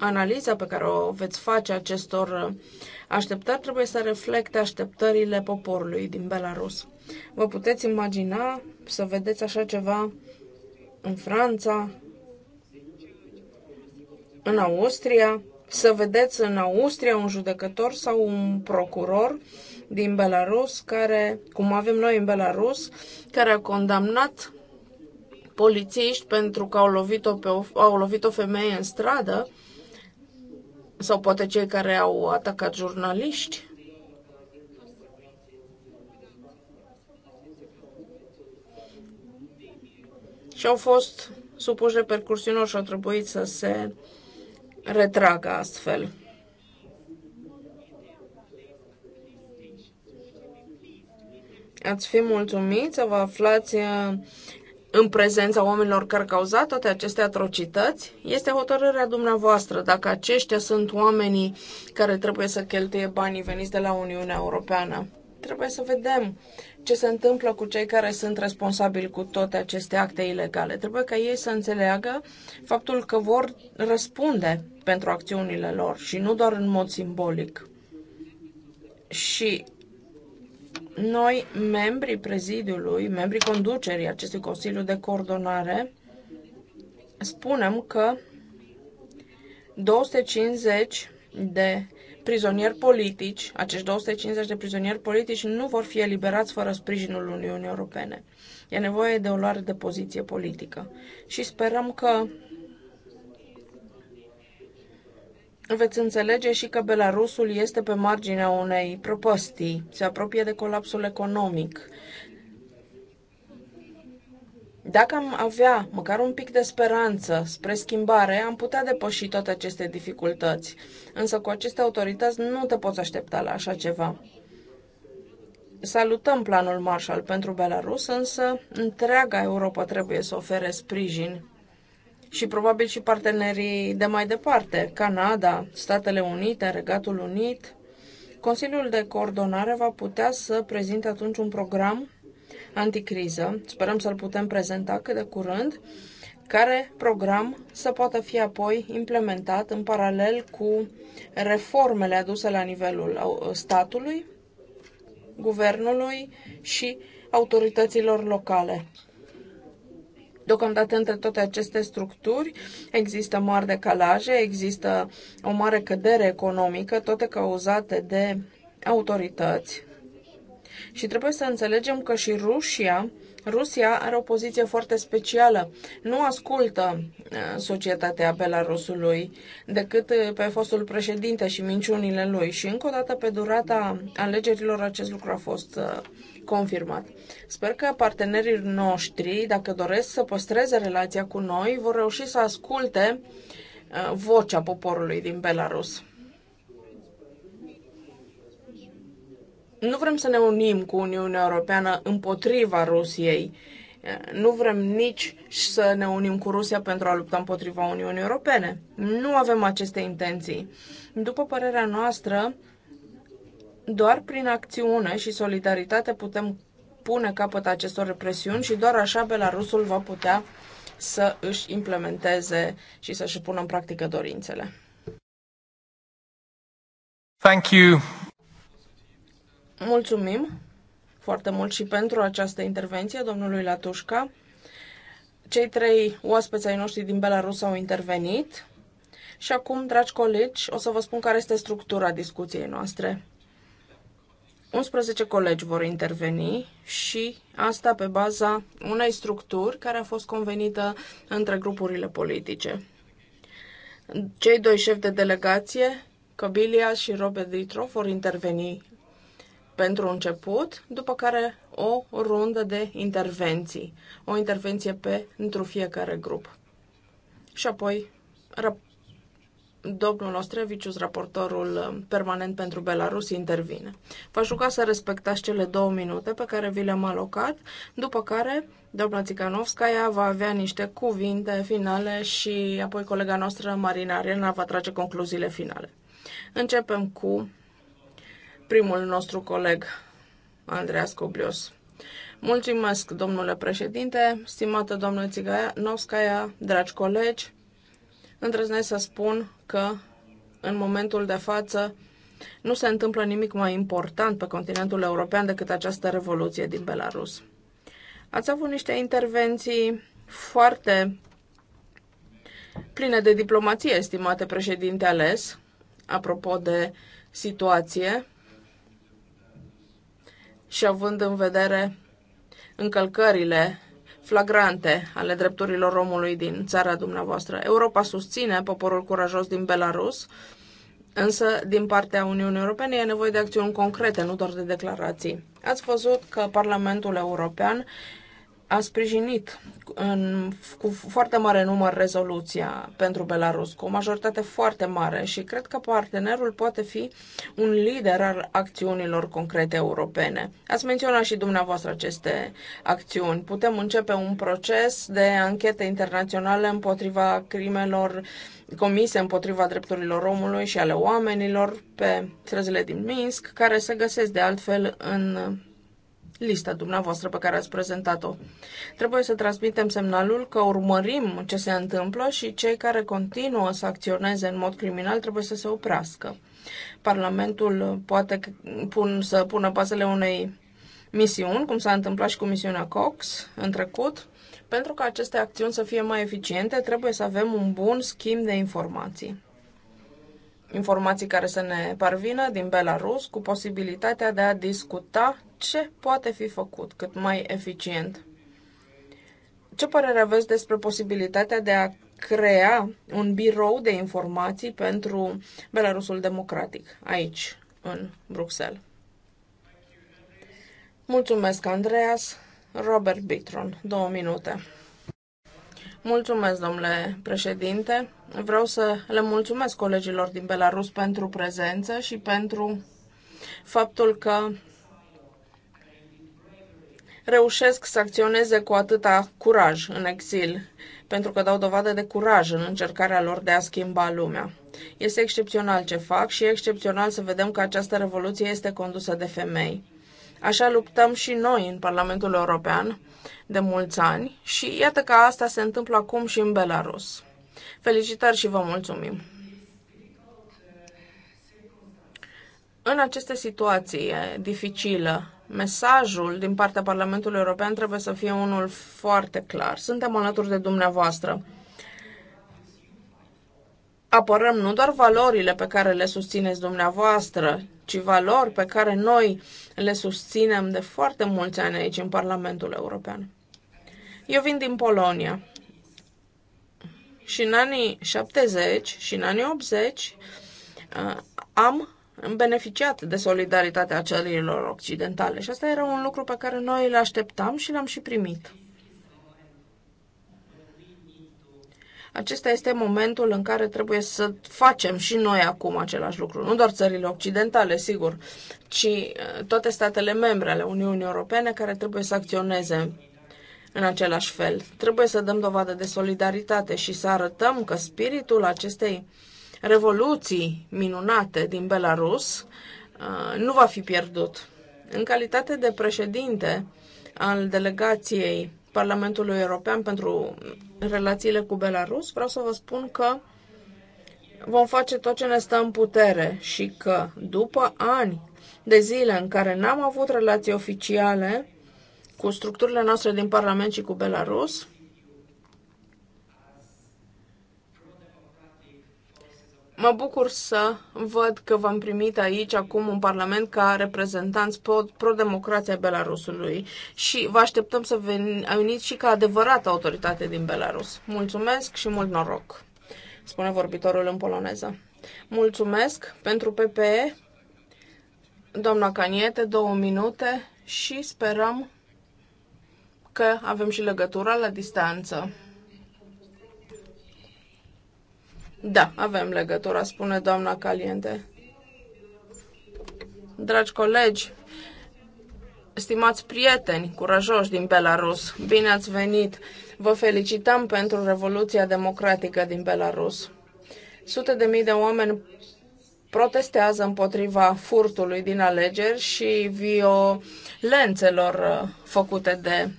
analiza pe care o veți face acestor așteptări trebuie să reflecte așteptările poporului din Belarus. Vă puteți imagina să vedeți așa ceva în Franța, în Austria, să vedeți în Austria un judecător sau un procuror din Belarus, care, cum avem noi în Belarus, care a condamnat polițiști pentru că au lovit-o, pe o, au lovit o femeie în stradă sau poate cei care au atacat jurnaliști? Și au fost supuși repercursiunilor și au trebuit să se retragă astfel. Ați fi mulțumiți să vă aflați în prezența oamenilor care cauzat toate aceste atrocități, este hotărârea dumneavoastră dacă aceștia sunt oamenii care trebuie să cheltuie banii veniți de la Uniunea Europeană. Trebuie să vedem ce se întâmplă cu cei care sunt responsabili cu toate aceste acte ilegale. Trebuie ca ei să înțeleagă faptul că vor răspunde pentru acțiunile lor și nu doar în mod simbolic. Și noi, membrii prezidiului, membrii conducerii acestui Consiliu de Coordonare, spunem că 250 de prizonieri politici, acești 250 de prizonieri politici nu vor fi eliberați fără sprijinul Uniunii Europene. E nevoie de o luare de poziție politică. Și sperăm că veți înțelege și că Belarusul este pe marginea unei prăpăstii, se apropie de colapsul economic. Dacă am avea măcar un pic de speranță spre schimbare, am putea depăși toate aceste dificultăți. Însă cu aceste autorități nu te poți aștepta la așa ceva. Salutăm planul Marshall pentru Belarus, însă întreaga Europa trebuie să ofere sprijin și probabil și partenerii de mai departe, Canada, Statele Unite, Regatul Unit. Consiliul de coordonare va putea să prezinte atunci un program anticriză, sperăm să-l putem prezenta cât de curând, care program să poată fi apoi implementat în paralel cu reformele aduse la nivelul statului, guvernului și autorităților locale. Deocamdată între toate aceste structuri există mari decalaje, există o mare cădere economică, toate cauzate de autorități. Și trebuie să înțelegem că și Rusia Rusia are o poziție foarte specială. Nu ascultă uh, societatea Belarusului decât uh, pe fostul președinte și minciunile lui. Și încă o dată, pe durata alegerilor, acest lucru a fost uh, confirmat. Sper că partenerii noștri, dacă doresc să păstreze relația cu noi, vor reuși să asculte uh, vocea poporului din Belarus. Nu vrem să ne unim cu Uniunea Europeană împotriva Rusiei. Uh, nu vrem nici să ne unim cu Rusia pentru a lupta împotriva Uniunii Europene. Nu avem aceste intenții. După părerea noastră, doar prin acțiune și solidaritate putem pune capăt acestor represiuni și doar așa Belarusul va putea să își implementeze și să-și pună în practică dorințele. Thank you. Mulțumim foarte mult și pentru această intervenție domnului Latușca. Cei trei oaspeți ai noștri din Belarus au intervenit. Și acum, dragi colegi, o să vă spun care este structura discuției noastre. 11 colegi vor interveni și asta pe baza unei structuri care a fost convenită între grupurile politice. Cei doi șefi de delegație, Cabilia și Robert Ditro, vor interveni pentru început, după care o rundă de intervenții, o intervenție pentru fiecare grup. Și apoi domnul Ostrevicius, raportorul um, permanent pentru Belarus, intervine. V-aș ruga să respectați cele două minute pe care vi le-am alocat, după care doamna Țicanovskaya va avea niște cuvinte finale și apoi colega noastră, Marina Arena, va trage concluziile finale. Începem cu primul nostru coleg, Andreas Cublios. Mulțumesc, domnule președinte, stimată doamnă Țiganovskaya, dragi colegi, îndrăznesc să spun că în momentul de față nu se întâmplă nimic mai important pe continentul european decât această revoluție din Belarus. Ați avut niște intervenții foarte pline de diplomație, estimate președinte ales, apropo de situație și având în vedere încălcările flagrante ale drepturilor omului din țara dumneavoastră. Europa susține poporul curajos din Belarus, însă din partea Uniunii Europene e nevoie de acțiuni concrete, nu doar de declarații. Ați văzut că Parlamentul European a sprijinit în, cu foarte mare număr rezoluția pentru Belarus, cu o majoritate foarte mare și cred că partenerul poate fi un lider al acțiunilor concrete europene. Ați menționat și dumneavoastră aceste acțiuni. Putem începe un proces de anchete internaționale împotriva crimelor comise împotriva drepturilor omului și ale oamenilor pe străzile din Minsk, care se găsesc de altfel în lista dumneavoastră pe care ați prezentat-o. Trebuie să transmitem semnalul că urmărim ce se întâmplă și cei care continuă să acționeze în mod criminal trebuie să se oprească. Parlamentul poate pun, să pună bazele unei misiuni, cum s-a întâmplat și cu misiunea Cox în trecut. Pentru ca aceste acțiuni să fie mai eficiente, trebuie să avem un bun schimb de informații informații care să ne parvină din Belarus cu posibilitatea de a discuta ce poate fi făcut cât mai eficient. Ce părere aveți despre posibilitatea de a crea un birou de informații pentru Belarusul democratic aici, în Bruxelles? Mulțumesc, Andreas. Robert Bitron, două minute. Mulțumesc, domnule președinte. Vreau să le mulțumesc colegilor din Belarus pentru prezență și pentru faptul că reușesc să acționeze cu atâta curaj în exil, pentru că dau dovadă de curaj în încercarea lor de a schimba lumea. Este excepțional ce fac și e excepțional să vedem că această revoluție este condusă de femei. Așa luptăm și noi în Parlamentul European de mulți ani și iată că asta se întâmplă acum și în Belarus. Felicitări și vă mulțumim! În aceste situații dificilă, mesajul din partea Parlamentului European trebuie să fie unul foarte clar. Suntem alături de dumneavoastră apărăm nu doar valorile pe care le susțineți dumneavoastră, ci valori pe care noi le susținem de foarte mulți ani aici în Parlamentul European. Eu vin din Polonia și în anii 70 și în anii 80 uh, am beneficiat de solidaritatea țărilor occidentale și asta era un lucru pe care noi îl așteptam și l-am și primit. Acesta este momentul în care trebuie să facem și noi acum același lucru. Nu doar țările occidentale, sigur, ci uh, toate statele membre ale Uniunii Europene care trebuie să acționeze în același fel. Trebuie să dăm dovadă de solidaritate și să arătăm că spiritul acestei revoluții minunate din Belarus uh, nu va fi pierdut. În calitate de președinte al delegației Parlamentului European pentru relațiile cu Belarus, vreau să vă spun că vom face tot ce ne stă în putere și că după ani de zile în care n-am avut relații oficiale cu structurile noastre din Parlament și cu Belarus, Mă bucur să văd că v-am primit aici acum un parlament ca reprezentanți pro-democrația Belarusului și vă așteptăm să veniți și ca adevărată autoritate din Belarus. Mulțumesc și mult noroc, spune vorbitorul în poloneză. Mulțumesc pentru PPE, doamna Caniete, două minute și sperăm că avem și legătura la distanță. Da, avem legătura, spune doamna Caliente. Dragi colegi, stimați prieteni curajoși din Belarus, bine ați venit! Vă felicităm pentru Revoluția Democratică din Belarus. Sute de mii de oameni protestează împotriva furtului din alegeri și violențelor uh, făcute de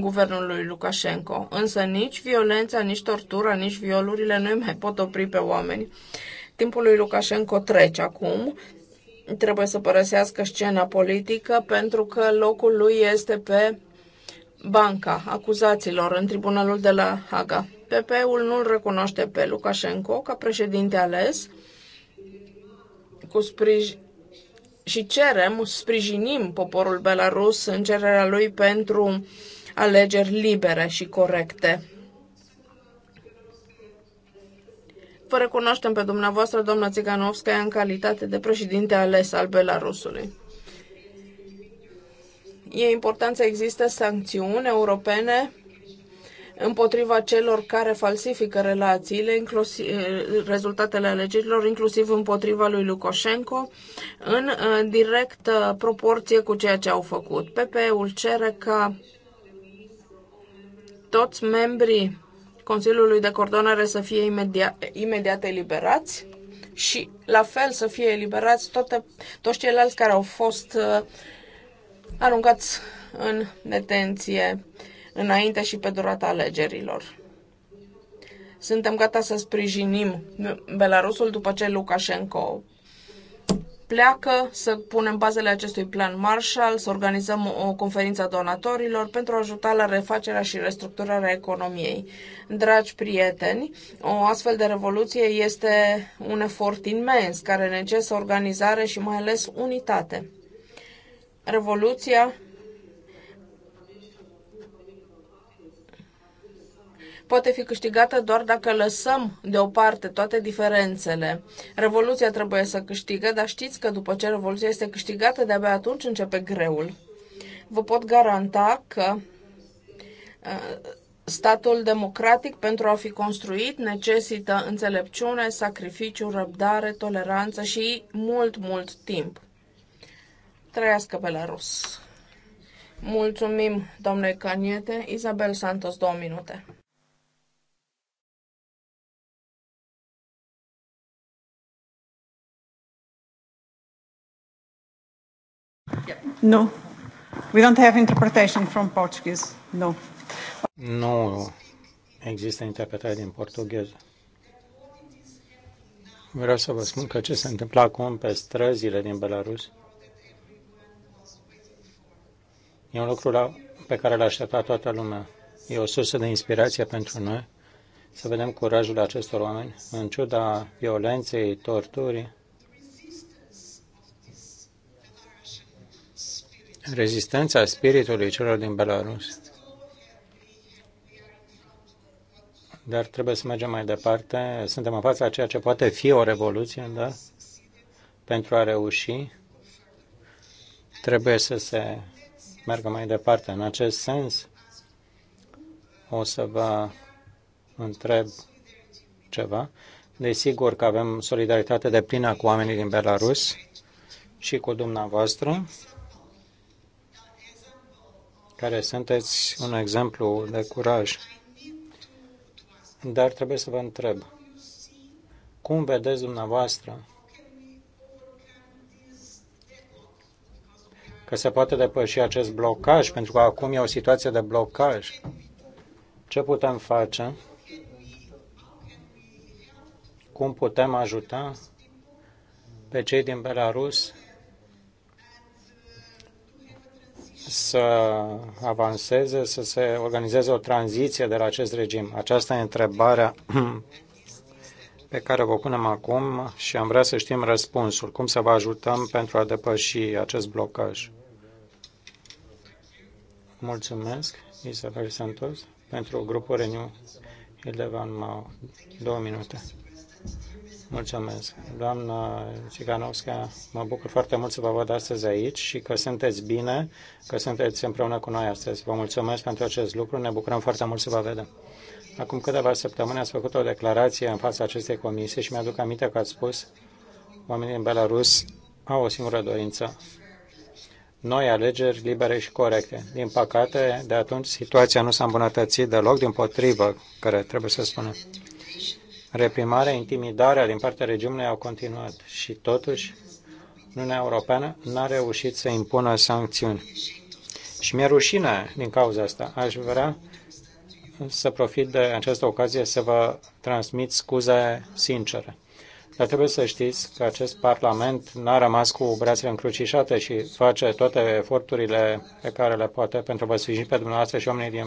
guvernului Lukashenko. Însă nici violența, nici tortura, nici violurile nu mai pot opri pe oameni. Timpul lui Lukashenko trece acum, trebuie să părăsească scena politică pentru că locul lui este pe banca acuzaților în tribunalul de la Haga. PP-ul nu-l recunoaște pe Lukashenko ca președinte ales cu sprij- și cerem, sprijinim poporul belarus în cererea lui pentru alegeri libere și corecte. Vă recunoaștem pe dumneavoastră, doamna Țiganovskaya, în calitate de președinte ales al Belarusului. E important să existe sancțiuni europene împotriva celor care falsifică relațiile, inclusiv, rezultatele alegerilor, inclusiv împotriva lui Lukashenko, în uh, direct uh, proporție cu ceea ce au făcut. PP-ul cere ca toți membrii Consiliului de Coordonare să fie imediat, imediat eliberați și la fel să fie eliberați toate, toți ceilalți care au fost uh, aruncați în detenție înainte și pe durata alegerilor. Suntem gata să sprijinim Belarusul după ce Lukashenko pleacă, să punem bazele acestui plan Marshall, să organizăm o conferință a donatorilor pentru a ajuta la refacerea și restructurarea economiei. Dragi prieteni, o astfel de revoluție este un efort imens care necesită organizare și mai ales unitate. Revoluția poate fi câștigată doar dacă lăsăm deoparte toate diferențele. Revoluția trebuie să câștigă, dar știți că după ce revoluția este câștigată, de-abia atunci începe greul. Vă pot garanta că uh, statul democratic pentru a fi construit necesită înțelepciune, sacrificiu, răbdare, toleranță și mult, mult timp. Trăiască Belarus! Mulțumim, domnule Caniete. Isabel Santos, două minute. No. We don't have interpretation from Portuguese. No. Nu există interpretare din portugheză. Vreau să vă spun că ce se întâmplă acum pe străzile din Belarus e un lucru la, pe care l-a așteptat toată lumea. E o sursă de inspirație pentru noi să vedem curajul acestor oameni în ciuda violenței, torturii rezistența spiritului celor din Belarus. Dar trebuie să mergem mai departe. Suntem în fața ceea ce poate fi o revoluție, da? pentru a reuși trebuie să se meargă mai departe. În acest sens, o să vă întreb ceva. Desigur că avem solidaritate de plină cu oamenii din Belarus și cu dumneavoastră care sunteți un exemplu de curaj. Dar trebuie să vă întreb, cum vedeți dumneavoastră că se poate depăși acest blocaj, pentru că acum e o situație de blocaj. Ce putem face? Cum putem ajuta pe cei din Belarus să avanseze, să se organizeze o tranziție de la acest regim? Aceasta e întrebarea (clears throat) pe care vă punem acum și am vrea să știm răspunsul. Cum să vă ajutăm pentru a depăși acest blocaj? Mulțumesc, Isabel Santos, pentru grupul Renew Hildevan Mao. Două minute. Mulțumesc. Doamna Ciganovska, mă bucur foarte mult să vă văd astăzi aici și că sunteți bine, că sunteți împreună cu noi astăzi. Vă mulțumesc pentru acest lucru, ne bucurăm foarte mult să vă vedem. Acum câteva săptămâni ați făcut o declarație în fața acestei comisii și mi-aduc aminte că ați spus oamenii din Belarus au o singură dorință, noi alegeri libere și corecte. Din păcate, de atunci, situația nu s-a îmbunătățit deloc, din potrivă, care trebuie să spunem. Reprimarea, intimidarea din partea regimului au continuat și totuși Uniunea Europeană n-a reușit să impună sancțiuni. Și mi-e rușine din cauza asta. Aș vrea să profit de această ocazie să vă transmit scuze sincere. Dar trebuie să știți că acest Parlament n-a rămas cu brațele încrucișate și face toate eforturile pe care le poate pentru a vă sfârși pe dumneavoastră și oamenii din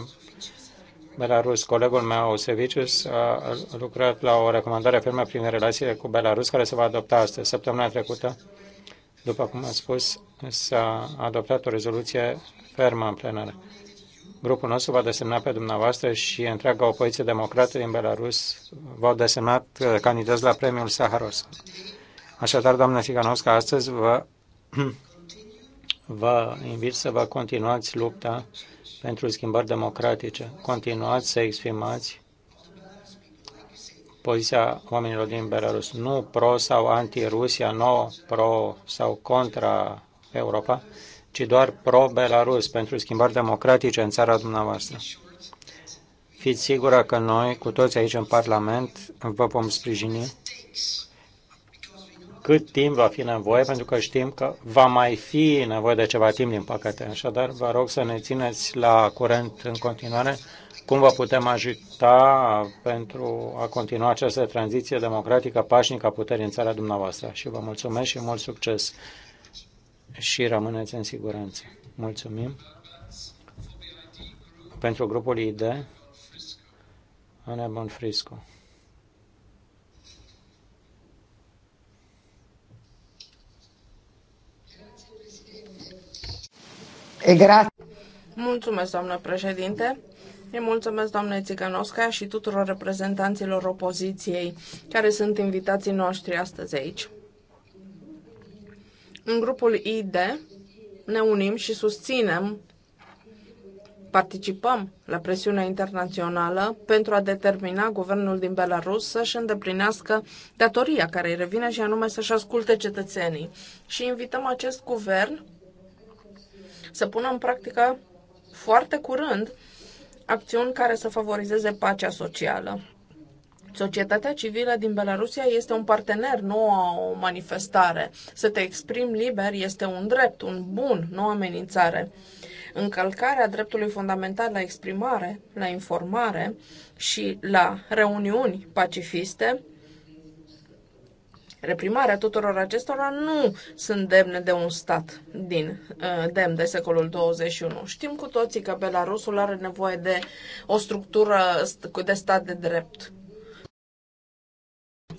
Belarus. Colegul meu, Osevicius, a lucrat la o recomandare fermă prin relațiile cu Belarus, care se va adopta astăzi. Săptămâna trecută, după cum am spus, s-a adoptat o rezoluție fermă în plenară. Grupul nostru va desemna pe dumneavoastră și întreaga opoziție democrată din Belarus v-au desemnat uh, candidați la premiul Saharos. Așadar, doamna Siganovska, astăzi vă, (clears throat) vă invit să vă continuați lupta pentru schimbări democratice. Continuați să exprimați poziția oamenilor din Belarus, nu pro sau anti-Rusia, nu pro sau contra Europa, ci doar pro-Belarus pentru schimbări democratice în țara dumneavoastră. Fiți sigură că noi, cu toți aici în Parlament, vă vom sprijini cât timp va fi nevoie, pentru că știm că va mai fi nevoie de ceva timp, din păcate. Așadar, vă rog să ne țineți la curent în continuare cum vă putem ajuta pentru a continua această tranziție democratică pașnică a puterii în țara dumneavoastră. Și vă mulțumesc și mult succes și rămâneți în siguranță. Mulțumim. Pentru grupul ID, Ana Bonfrisco. Frisco. E grație. Mulțumesc, doamnă președinte. Îi mulțumesc doamnei Țiganosca și tuturor reprezentanților opoziției care sunt invitații noștri astăzi aici. În grupul ID ne unim și susținem, participăm la presiunea internațională pentru a determina guvernul din Belarus să-și îndeplinească datoria care îi revine și anume să-și asculte cetățenii. Și invităm acest guvern să pună în practică foarte curând acțiuni care să favorizeze pacea socială. Societatea civilă din Belarusia este un partener, nu o manifestare. Să te exprimi liber este un drept, un bun, nu o amenințare. Încălcarea dreptului fundamental la exprimare, la informare și la reuniuni pacifiste Reprimarea tuturor acestora nu sunt demne de un stat din uh, demn de secolul 21. Știm cu toții că Belarusul are nevoie de o structură de stat de drept.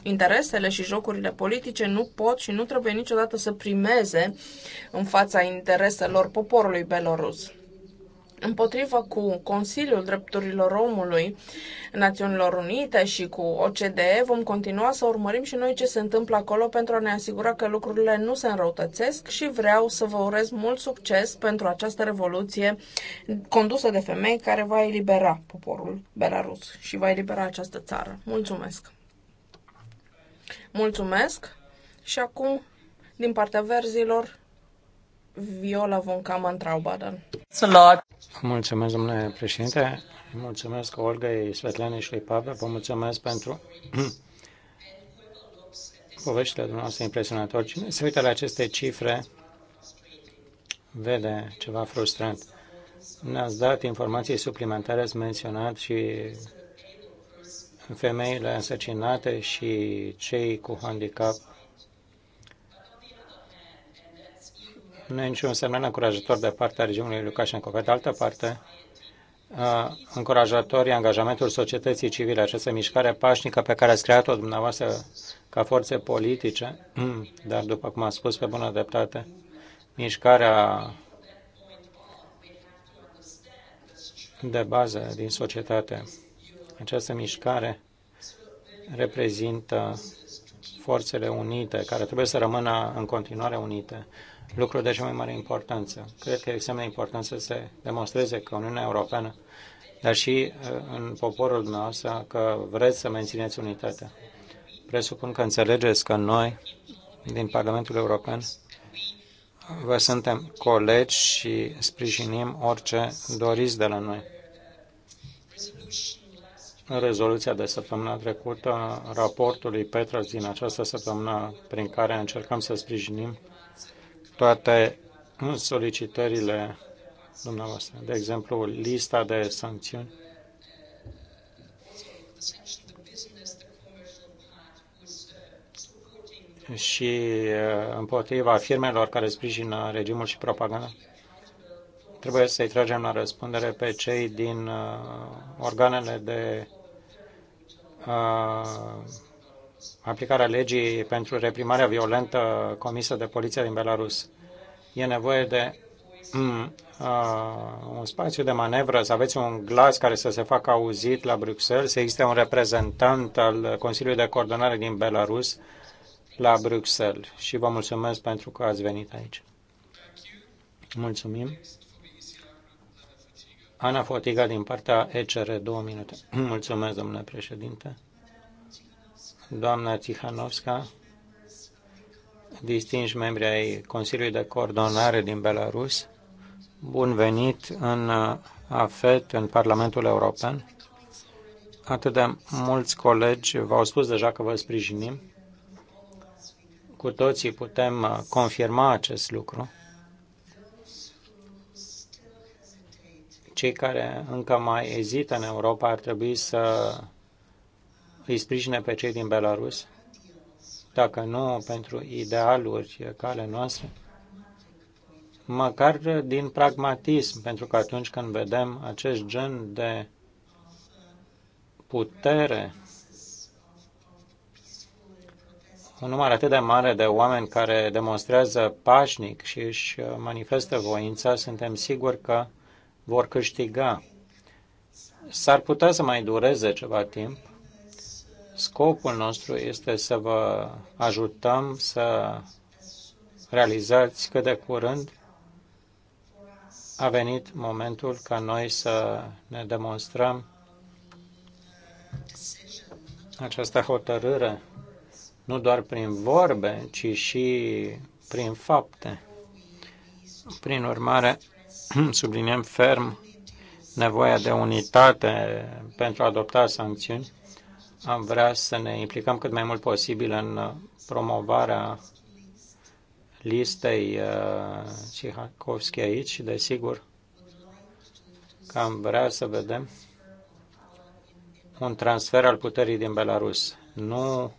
Interesele și jocurile politice nu pot și nu trebuie niciodată să primeze în fața intereselor poporului belorus împotrivă cu Consiliul Drepturilor Omului Națiunilor Unite și cu OCDE, vom continua să urmărim și noi ce se întâmplă acolo pentru a ne asigura că lucrurile nu se înrăutățesc și vreau să vă urez mult succes pentru această revoluție condusă de femei care va elibera poporul belarus și va elibera această țară. Mulțumesc! Mulțumesc! Și acum, din partea verzilor, Viola von Kaman Traubaden. Mulțumesc, domnule președinte. Mulțumesc Olga, Svetlana și lui Pavel. Vă mulțumesc pentru (clears throat) poveștile dumneavoastră impresionator. Cine se uită la aceste cifre vede ceva frustrant. Ne-ați dat informații suplimentare, ați menționat și femeile însăcinate și cei cu handicap Nu e niciun semnal încurajator de partea regiunii Lukashenko. Pe de altă parte, încurajator e angajamentul societății civile, această mișcare pașnică pe care a creat-o dumneavoastră ca forțe politice, (clears throat) dar după cum am spus pe bună dreptate, mișcarea de bază din societate. Această mișcare reprezintă forțele unite, care trebuie să rămână în continuare unite lucru de cea mai mare importanță. Cred că e extrem de important să se demonstreze că Uniunea Europeană, dar și uh, în poporul nostru, că vreți să mențineți unitatea. Presupun că înțelegeți că noi, din Parlamentul European, vă suntem colegi și sprijinim orice doriți de la noi. În rezoluția de săptămâna trecută, raportului Petra din această săptămână, prin care încercăm să sprijinim toate solicitările dumneavoastră. De exemplu, lista de sancțiuni. și uh, împotriva firmelor care sprijină regimul și propaganda. Trebuie să-i tragem la răspundere pe cei din uh, organele de uh, aplicarea legii pentru reprimarea violentă comisă de poliția din Belarus. E nevoie de mm, uh, un spațiu de manevră, să aveți un glas care să se facă auzit la Bruxelles, să existe un reprezentant al Consiliului de Coordonare din Belarus la Bruxelles. Și vă mulțumesc pentru că ați venit aici. Mulțumim. Ana Fotiga din partea ECR, două minute. (clears throat) Mulțumesc, domnule președinte doamna Tihanovska, distinși membri ai Consiliului de Coordonare din Belarus, bun venit în uh, AFET, în Parlamentul European. Atât de mulți colegi v-au spus deja că vă sprijinim. Cu toții putem uh, confirma acest lucru. Cei care încă mai ezită în Europa ar trebui să îi sprijine pe cei din Belarus, dacă nu pentru idealuri cale noastre, măcar din pragmatism, pentru că atunci când vedem acest gen de putere, un număr atât de mare de oameni care demonstrează pașnic și își uh, manifestă voința, suntem siguri că vor câștiga. S-ar putea să mai dureze ceva timp, Scopul nostru este să vă ajutăm să realizați că de curând a venit momentul ca noi să ne demonstrăm această hotărâre nu doar prin vorbe, ci și prin fapte. Prin urmare, (clears throat) subliniem ferm nevoia de unitate pentru a adopta sancțiuni am vrea să ne implicăm cât mai mult posibil în promovarea listei Tsihakovski uh, aici și, desigur, că am vrea să vedem un transfer al puterii din Belarus. Nu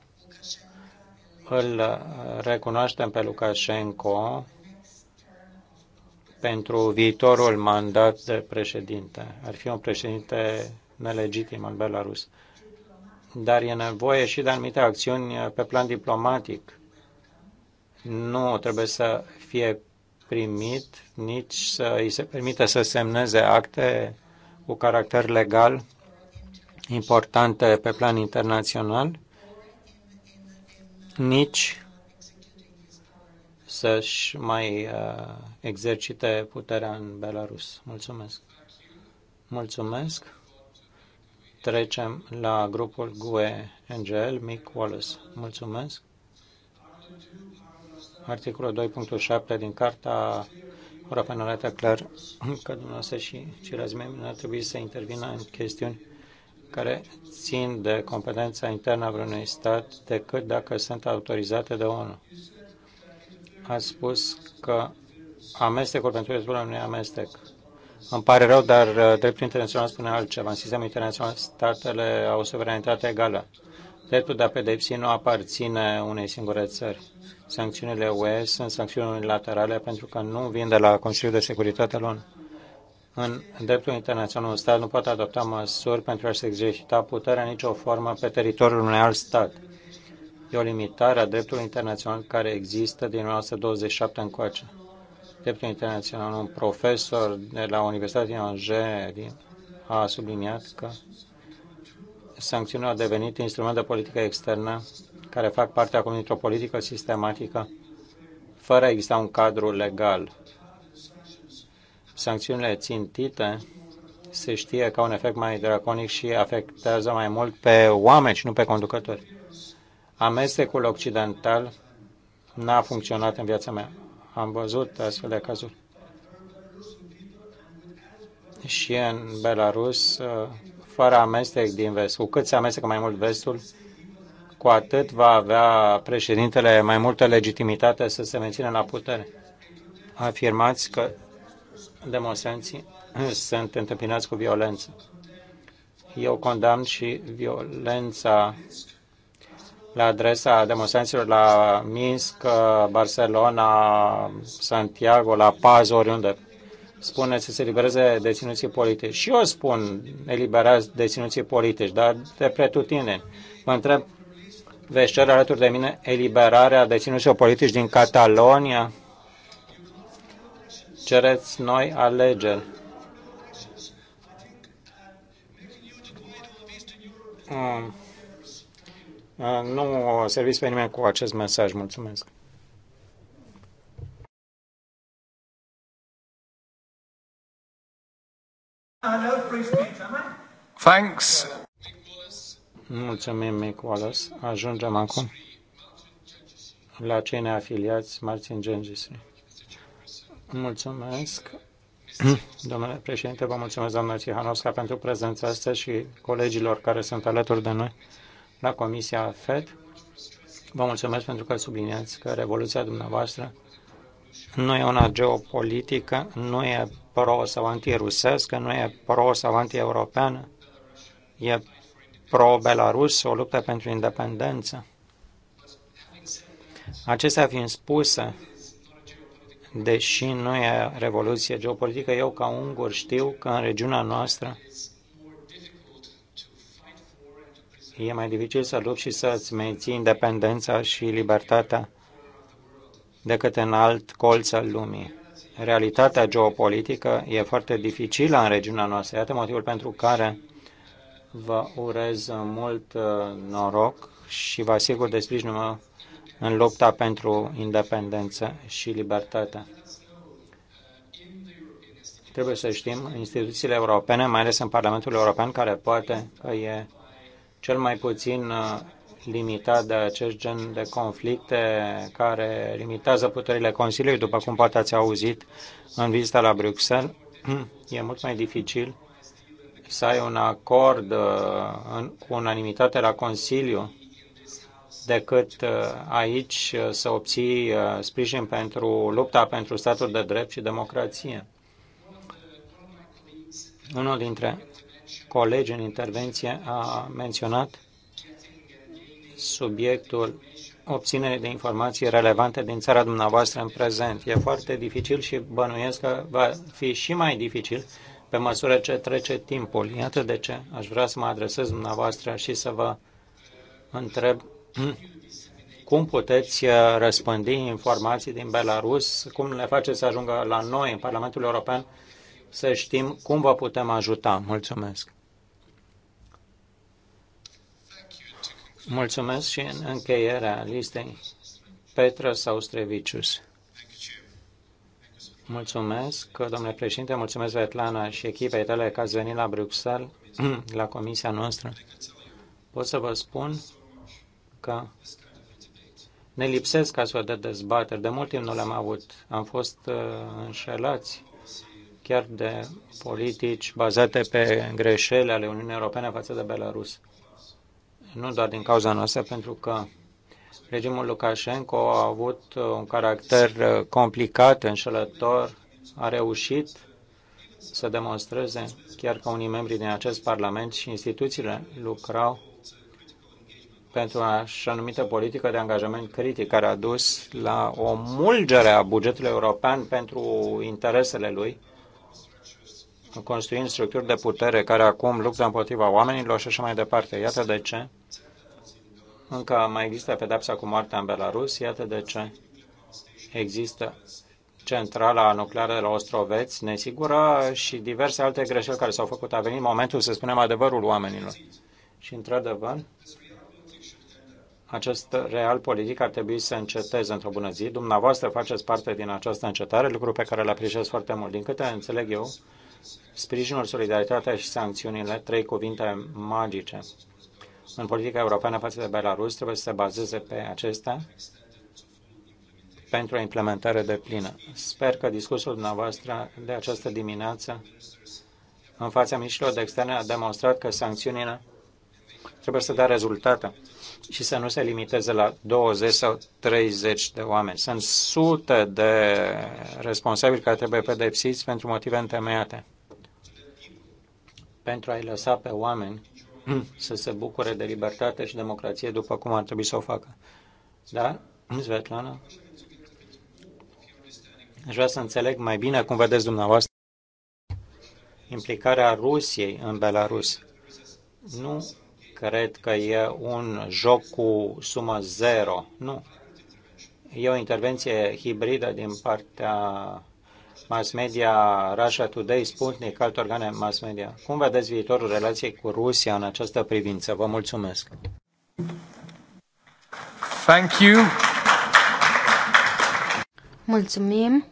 îl uh, recunoaștem pe Lukashenko pentru viitorul mandat de președinte. Ar fi un președinte nelegitim al Belarus dar e nevoie și de anumite acțiuni uh, pe plan diplomatic. Nu trebuie să fie primit, nici să îi se permite să semneze acte cu caracter legal importante pe plan internațional, nici să-și mai uh, exercite puterea în Belarus. Mulțumesc. Mulțumesc trecem la grupul GUE NGL, Mick Wallace. Mulțumesc. Articolul 2.7 din Carta Europeană arată clar (clears throat) că dumneavoastră și ceilalți membri ar trebui să intervină în chestiuni care țin de competența internă a vreunui stat decât dacă sunt autorizate de ONU. A spus că amestecul pentru Hezbollah nu amestec. Îmi pare rău, dar uh, dreptul internațional spune altceva. În sistemul internațional, statele au suveranitate egală. Dreptul de a pedepsi nu aparține unei singure țări. Sancțiunile UE sunt sancțiuni unilaterale pentru că nu vin de la Consiliul de Securitate al ONU. În dreptul internațional, un stat nu poate adopta măsuri pentru a-și exercita puterea în nicio formă pe teritoriul unui alt stat. E o limitare a dreptului internațional care există din 1927 încoace dreptul internațional, un profesor de la Universitatea din Angers a subliniat că sancțiunile au devenit instrument de politică externă care fac parte acum dintr-o politică sistematică fără a exista un cadru legal. Sancțiunile țintite se știe că au un efect mai draconic și afectează mai mult pe oameni și nu pe conducători. Amestecul occidental n-a funcționat în viața mea. Am văzut astfel de cazuri. Și în Belarus, fără amestec din vest, cu cât se amestecă mai mult vestul, cu atât va avea președintele mai multă legitimitate să se mențină la putere. Afirmați că demonstranții (clears throat) sunt întâmpinați cu violență. Eu condamn și violența la adresa demonstranților la Minsk, Barcelona, Santiago, la Paz, oriunde. Spuneți să se libereze deținuții politici. Și eu spun, eliberați deținuții politici, dar de pretutine. Mă întreb, veți cere alături de mine eliberarea deținuților politici din Catalonia? Cereți noi alegeri. Mm. Uh, nu o serviți pe nimeni cu acest mesaj. Mulțumesc. Thanks. Mulțumim, Mick Wallace. Ajungem acum la cei neafiliați Martin Gengis. Mulțumesc. (clears throat) Domnule președinte, vă mulțumesc, doamna Cihanovska, pentru prezența asta și colegilor care sunt alături de noi la Comisia FED. Vă mulțumesc pentru că subliniați că revoluția dumneavoastră nu e una geopolitică, nu e pro sau rusescă nu e pro sau anti-europeană, e pro-Belarus, o luptă pentru independență. Acestea fiind spuse, deși nu e revoluție geopolitică, eu ca ungur știu că în regiunea noastră e mai dificil să lupți și să-ți menții independența și libertatea decât în alt colț al lumii. Realitatea geopolitică e foarte dificilă în regiunea noastră. Iată motivul pentru care vă urez mult uh, noroc și vă asigur de sprijinul meu în lupta pentru independență și libertate. Trebuie să știm, instituțiile europene, mai ales în Parlamentul European, care poate că e cel mai puțin uh, limitat de acest gen de conflicte care limitează puterile Consiliului, după cum poate ați auzit în vizita la Bruxelles. (clears throat) E mult mai dificil să ai un acord uh, în, cu unanimitate la Consiliu decât uh, aici să obții sprijin pentru lupta pentru statul de drept și democrație. Unul dintre colegi în intervenție a menționat subiectul obținerii de informații relevante din țara dumneavoastră în prezent. E foarte dificil și bănuiesc că va fi și mai dificil pe măsură ce trece timpul. Iată de ce aș vrea să mă adresez dumneavoastră și să vă întreb (clears throat) cum puteți uh, răspândi informații din Belarus, cum le faceți să ajungă la noi în Parlamentul European să știm cum vă putem ajuta. Mulțumesc! Mulțumesc și în încheierea listei Petra Saustrevicius. Mulțumesc, domnule președinte, mulțumesc Vetlana și echipei tale că ați venit la Bruxelles, (clears throat) la comisia noastră. Pot să vă spun că ne lipsesc astfel de dezbateri. De mult timp nu le-am avut. Am fost uh, înșelați chiar de politici bazate pe greșeli ale Uniunii Europene față de Belarus. Nu doar din cauza noastră, pentru că regimul Lukashenko a avut un caracter complicat, înșelător, a reușit să demonstreze chiar că unii membri din acest Parlament și instituțiile lucrau pentru așa numită politică de angajament critic, care a dus la o mulgere a bugetului european pentru interesele lui, construind structuri de putere care acum luptă împotriva oamenilor și așa mai departe. Iată de ce încă mai există pedepsa cu moartea în Belarus, iată de ce există centrala nucleară de la Ostroveți, nesigură și diverse alte greșeli care s-au făcut. A venit momentul să spunem adevărul oamenilor. Și, într-adevăr, acest real politic ar trebui să înceteze într-o bună zi. Dumneavoastră faceți parte din această încetare, lucru pe care îl apreciez foarte mult. Din câte înțeleg eu, Sprijinul, solidaritatea și sancțiunile, trei cuvinte magice. În politica europeană față de Belarus trebuie să se bazeze pe acestea pentru o implementare de plină. Sper că discursul dumneavoastră de această dimineață în fața mișcilor de externe a demonstrat că sancțiunile trebuie să dea rezultate și să nu se limiteze la 20 sau 30 de oameni. Sunt sute de responsabili care trebuie pedepsiți pentru motive întemeiate. Pentru a-i lăsa pe oameni (clears throat) să se bucure de libertate și democrație după cum ar trebui să o facă. Da? (clears throat) Svetlana? Aș vrea să înțeleg mai bine cum vedeți dumneavoastră implicarea Rusiei în Belarus. Nu cred că e un joc cu sumă zero. Nu. E o intervenție hibridă din partea mass media, Russia Today, Sputnik, alte organe mass media. Cum vedeți viitorul relației cu Rusia în această privință? Vă mulțumesc. Thank you. Mulțumim.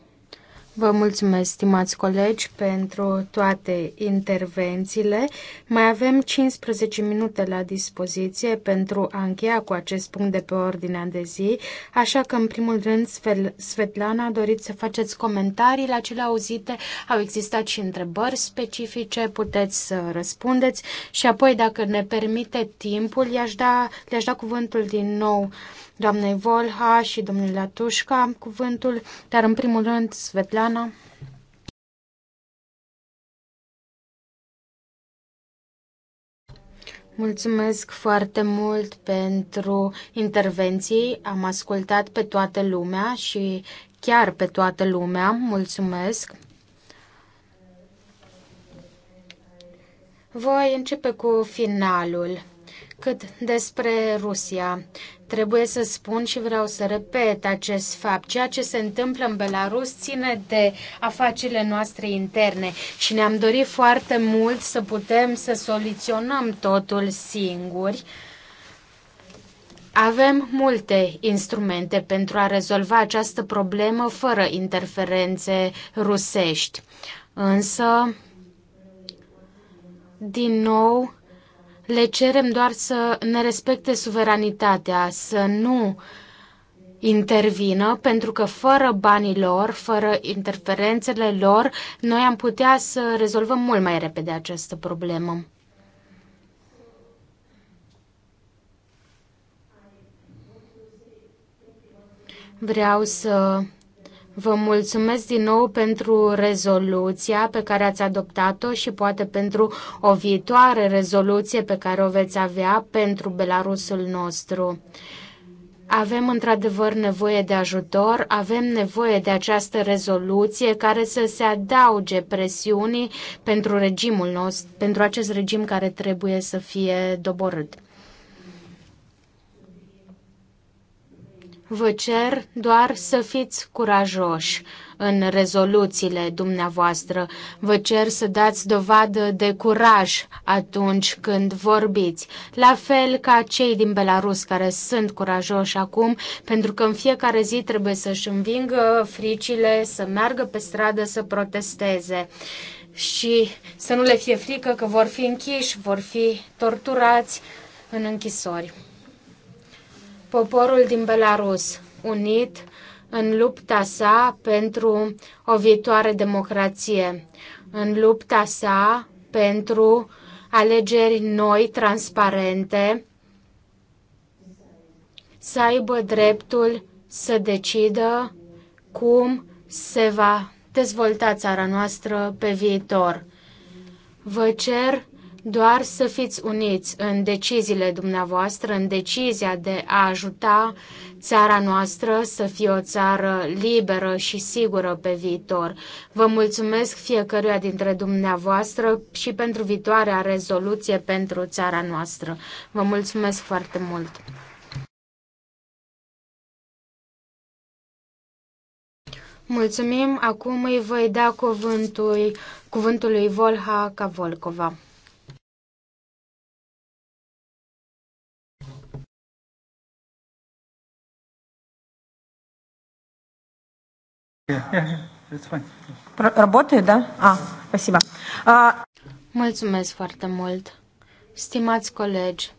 Vă mulțumesc, stimați colegi, pentru toate intervențiile. Mai avem 15 minute la dispoziție pentru a încheia cu acest punct de pe ordinea de zi, așa că, în primul rând, Svetlana, doriți să faceți comentarii la cele auzite, au existat și întrebări specifice, puteți să răspundeți și apoi, dacă ne permite timpul, da, le-aș da, le da cuvântul din nou uh, doamnei Volha și domnului Latușca cuvântul, dar în primul rând Svetlana. Mulțumesc foarte mult pentru intervenții. Am ascultat pe toată lumea și chiar pe toată lumea. Mulțumesc. Voi începe cu finalul. Cât despre Rusia, trebuie să spun și vreau să repet acest fapt. Ceea ce se întâmplă în Belarus ține de afacerile noastre interne și ne-am dorit foarte mult să putem să soluționăm totul singuri. Avem multe instrumente pentru a rezolva această problemă fără interferențe rusești. Însă, din nou, le cerem doar să ne respecte suveranitatea, să nu intervină, pentru că fără banii lor, fără interferențele lor, noi am putea să rezolvăm mult mai repede această problemă. Vreau să Vă mulțumesc din nou pentru rezoluția pe care ați adoptat-o și poate pentru o viitoare rezoluție pe care o veți avea pentru Belarusul nostru. Avem într-adevăr nevoie de ajutor, avem nevoie de această rezoluție care să se adauge presiunii pentru regimul nostru, pentru acest regim care trebuie să fie doborât. Vă cer doar să fiți curajoși în rezoluțiile dumneavoastră. Vă cer să dați dovadă de curaj atunci când vorbiți. La fel ca cei din Belarus care sunt curajoși acum, pentru că în fiecare zi trebuie să-și învingă fricile, să meargă pe stradă să protesteze și să nu le fie frică că vor fi închiși, vor fi torturați în închisori. Poporul din Belarus, unit în lupta sa pentru o viitoare democrație, în lupta sa pentru alegeri noi, transparente, să aibă dreptul să decidă cum se va dezvolta țara noastră pe viitor. Vă cer doar să fiți uniți în deciziile dumneavoastră, în decizia de a ajuta țara noastră să fie o țară liberă și sigură pe viitor. Vă mulțumesc fiecăruia dintre dumneavoastră și pentru viitoarea rezoluție pentru țara noastră. Vă mulțumesc foarte mult! Mulțumim, acum îi voi da cuvântul, cuvântul lui Volha Kavolkova. Работает, da? Ah, спасибо. Mulțumesc foarte mult. Stimați colegi,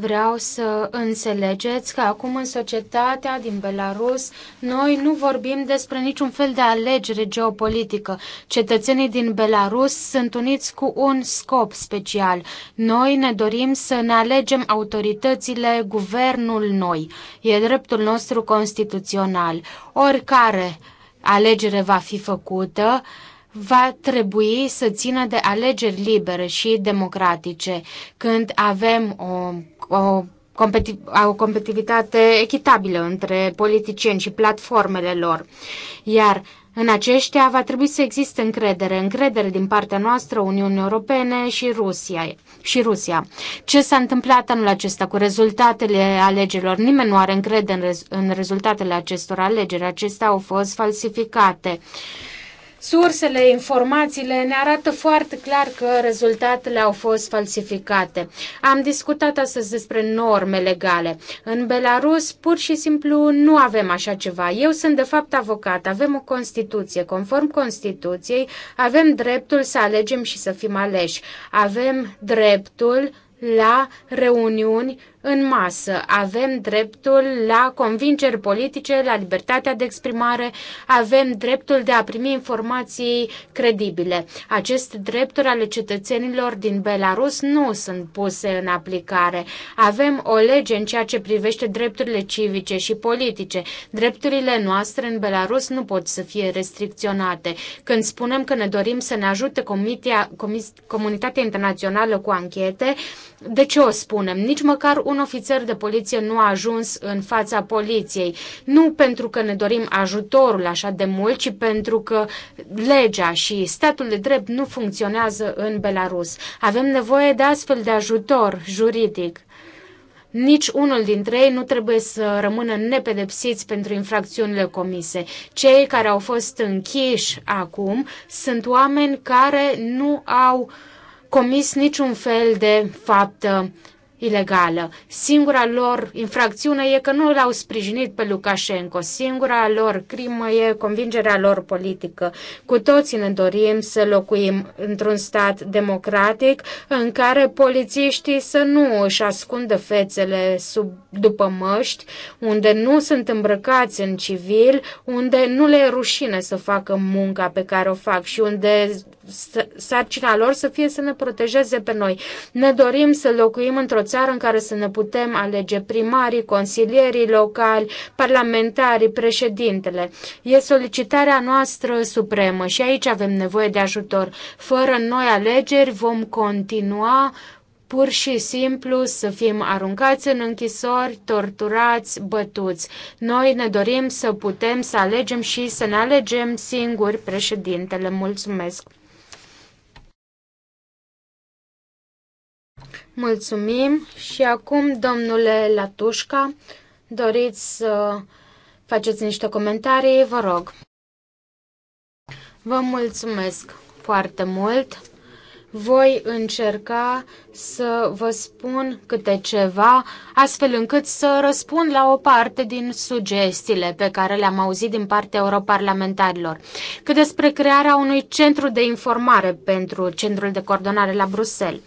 Vreau să înțelegeți că acum în societatea din Belarus noi nu vorbim despre niciun fel de alegere geopolitică. Cetățenii din Belarus sunt uniți cu un scop special. Noi ne dorim să ne alegem autoritățile, guvernul noi. E dreptul nostru constituțional. Oricare alegere va fi făcută, va trebui să țină de alegeri libere și democratice când avem o, o competi- o competitivitate echitabilă între politicieni și platformele lor. Iar în aceștia va trebui să existe încredere, încredere din partea noastră, Uniunii Europene și Rusia. Și Rusia. Ce s-a întâmplat anul acesta cu rezultatele alegerilor? Nimeni nu are încredere în, rez- în rezultatele acestor alegeri. Acestea au fost falsificate. Uh, Sursele, informațiile ne arată foarte clar că rezultatele au fost falsificate. Am discutat astăzi despre norme legale. În Belarus pur și simplu nu avem așa ceva. Eu sunt de fapt avocat, avem o Constituție. Conform Constituției avem dreptul să alegem și să fim aleși. Avem dreptul la reuniuni în masă. Avem dreptul la convingeri politice, la libertatea de exprimare, avem dreptul de a primi informații credibile. Aceste drepturi ale cetățenilor din Belarus nu sunt puse în aplicare. Avem o lege în ceea ce privește drepturile civice și politice. Drepturile noastre în Belarus nu pot să fie restricționate. Când spunem că ne dorim să ne ajute comitia, comis, comunitatea internațională cu anchete, de ce o spunem? Nici măcar un ofițer de poliție nu a ajuns în fața poliției. Nu pentru că ne dorim ajutorul așa de mult, ci pentru că legea și statul de drept nu funcționează în Belarus. Avem nevoie de astfel de ajutor juridic. Nici unul dintre ei nu trebuie să rămână nepedepsiți pentru infracțiunile comise. Cei care au fost închiși acum sunt oameni care nu au comis niciun fel de faptă ilegală. Singura lor infracțiune e că nu l-au sprijinit pe Lukashenko. Singura lor crimă e convingerea lor politică. Cu toții ne dorim să locuim într-un stat democratic în care polițiștii să nu își ascundă fețele sub, după măști, unde nu sunt îmbrăcați în civil, unde nu le e rușine să facă munca pe care o fac și unde sarcina lor să fie să ne protejeze pe noi. Ne dorim să locuim într-o țară în care să ne putem alege primarii, consilierii locali, parlamentarii, președintele. E solicitarea noastră supremă și aici avem nevoie de ajutor. Fără noi alegeri vom continua pur și simplu să fim aruncați în închisori, torturați, bătuți. Noi ne dorim să putem să alegem și să ne alegem singuri președintele. Mulțumesc! Mulțumim și acum, domnule Latușca, doriți să faceți niște comentarii, vă rog. Vă mulțumesc foarte mult. Voi încerca să vă spun câte ceva, astfel încât să răspund la o parte din sugestiile pe care le-am auzit din partea europarlamentarilor. Cât despre crearea unui centru de informare pentru Centrul de Coordonare la Bruxelles.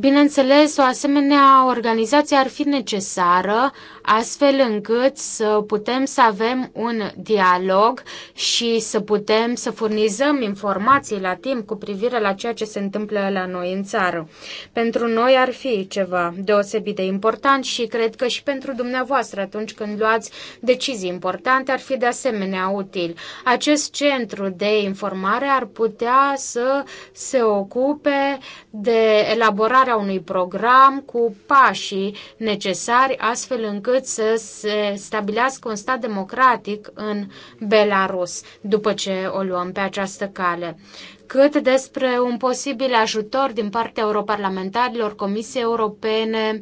Bineînțeles, o asemenea organizație ar fi necesară astfel încât să putem să avem un dialog și să putem să furnizăm informații la timp cu privire la ceea ce se întâmplă la noi în țară. Pentru noi ar fi ceva deosebit de important și cred că și pentru dumneavoastră atunci când luați decizii importante ar fi de asemenea util. Acest centru de informare ar putea să se ocupe de elaborarea unui program cu pașii necesari, astfel încât să se stabilească un stat democratic în Belarus, după ce o luăm pe această cale cât despre un posibil ajutor din partea europarlamentarilor Comisiei Europene,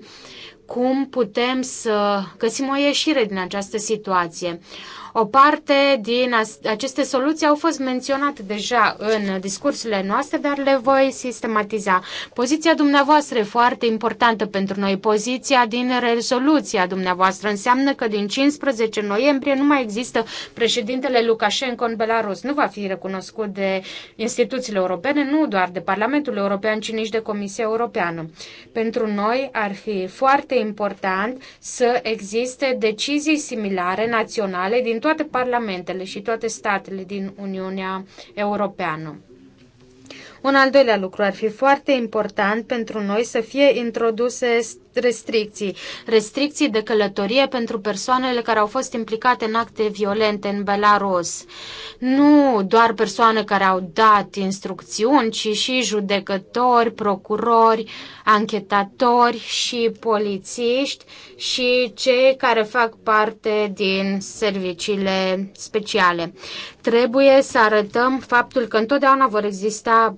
cum putem să găsim o ieșire din această situație. O parte din aceste soluții au fost menționate deja în discursurile noastre, dar le voi sistematiza. Poziția dumneavoastră e foarte importantă pentru noi. Poziția din rezoluția dumneavoastră înseamnă că din 15 noiembrie nu mai există președintele Lukashenko în Belarus. Nu va fi recunoscut de instituțiile europene, nu doar de Parlamentul European, ci nici de Comisia Europeană. Pentru noi ar fi foarte important să existe decizii similare naționale din din toate parlamentele și toate statele din Uniunea Europeană. Un al doilea lucru ar fi foarte important pentru noi să fie introduse restricții. Restricții de călătorie pentru persoanele care au fost implicate în acte violente în Belarus. Nu doar persoane care au dat instrucțiuni, ci și judecători, procurori, anchetatori și polițiști și cei care fac parte din serviciile speciale. Trebuie să arătăm faptul că întotdeauna vor exista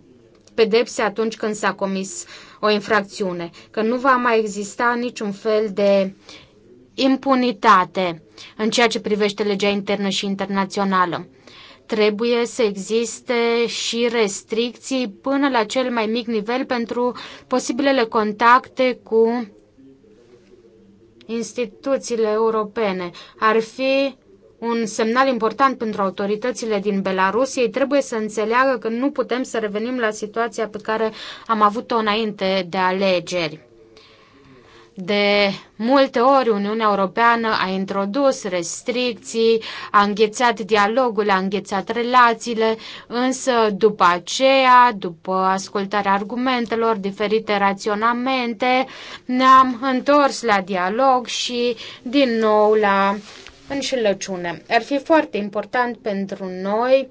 pedepse atunci când s-a comis uh, o infracțiune, că nu va mai exista niciun fel de impunitate în ceea ce privește legea internă și internațională. Trebuie să existe și restricții până la cel mai mic nivel pentru posibilele contacte cu instituțiile europene. Ar fi un semnal important pentru autoritățile din Belarus. Ei trebuie să înțeleagă că nu putem să revenim la situația pe care am avut-o înainte de alegeri. De multe ori Uniunea Europeană a introdus restricții, a înghețat dialogul, a înghețat relațiile, însă după aceea, după ascultarea argumentelor, diferite raționamente, ne-am întors la dialog și din nou la înșelăciune. Ar fi foarte important pentru noi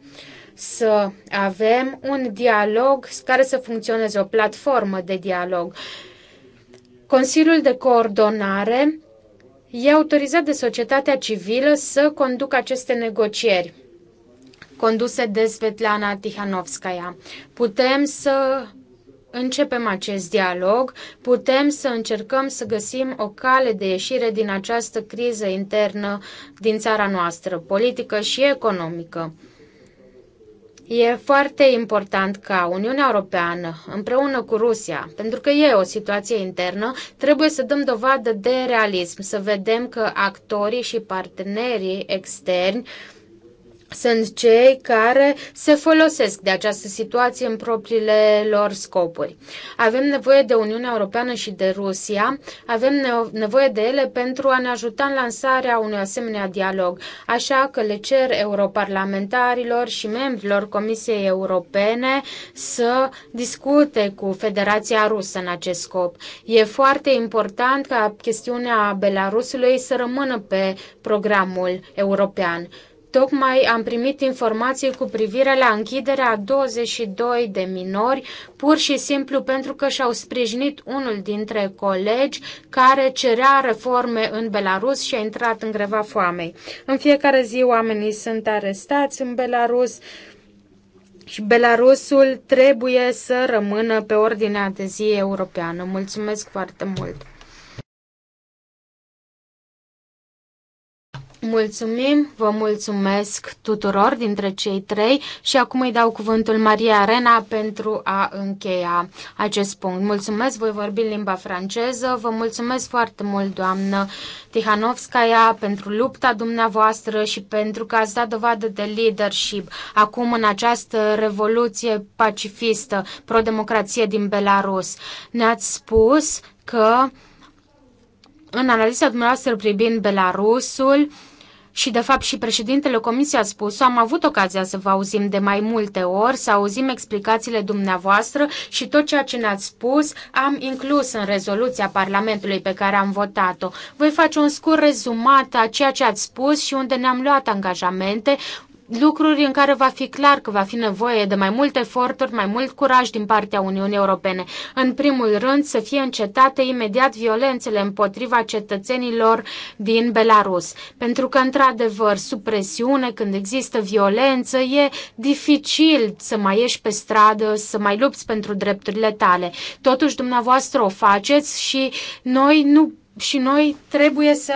să avem un dialog care să funcționeze, o platformă de dialog. Consiliul de coordonare e autorizat de societatea civilă să conducă aceste negocieri conduse de Svetlana Tihanovskaya. Putem să începem acest dialog, putem să încercăm să găsim o cale de ieșire din această criză internă din țara noastră, politică și economică. E foarte important ca Uniunea Europeană, împreună cu Rusia, pentru că e o situație internă, trebuie să dăm dovadă de realism, să vedem că actorii și partenerii externi uh, sunt cei care se folosesc de această situație în propriile lor scopuri. Avem nevoie de Uniunea Europeană și de Rusia, avem nevoie de ele pentru a ne ajuta în lansarea unui asemenea dialog, așa că le cer europarlamentarilor și membrilor Comisiei Europene să discute cu Federația Rusă în acest scop. E foarte important ca chestiunea Belarusului să rămână pe programul european. Tocmai am primit informații cu privire la închiderea a 22 de minori, pur și simplu pentru că și-au sprijinit unul dintre colegi care cerea reforme în Belarus și a intrat în greva foamei. În fiecare zi oamenii sunt arestați în Belarus și Belarusul trebuie să rămână pe ordinea de zi europeană. Mulțumesc foarte mult! Mulțumim, vă mulțumesc tuturor dintre cei trei și acum îi dau cuvântul Maria Arena pentru a încheia acest punct. Mulțumesc, voi vorbi în limba franceză, vă mulțumesc foarte mult, doamnă Tihanovskaya, pentru lupta dumneavoastră și pentru că ați dat dovadă de leadership acum în această revoluție pacifistă, pro-democrație din Belarus. Ne-ați spus că în analiza dumneavoastră privind Belarusul, și de fapt și președintele Comisiei a spus am avut ocazia să vă auzim de mai multe ori, să auzim explicațiile dumneavoastră și tot ceea ce ne-ați spus am inclus în rezoluția Parlamentului pe care am votat-o. Voi face un scurt rezumat a ceea ce ați spus și unde ne-am luat angajamente, lucruri în care va fi clar că va fi nevoie de mai multe eforturi, mai mult curaj din partea Uniunii Europene. În primul rând, să fie încetate imediat violențele împotriva cetățenilor din Belarus. Pentru că, într-adevăr, sub presiune, când există violență, e dificil să mai ieși pe stradă, să mai lupți pentru drepturile tale. Totuși, dumneavoastră o faceți și noi nu și noi trebuie să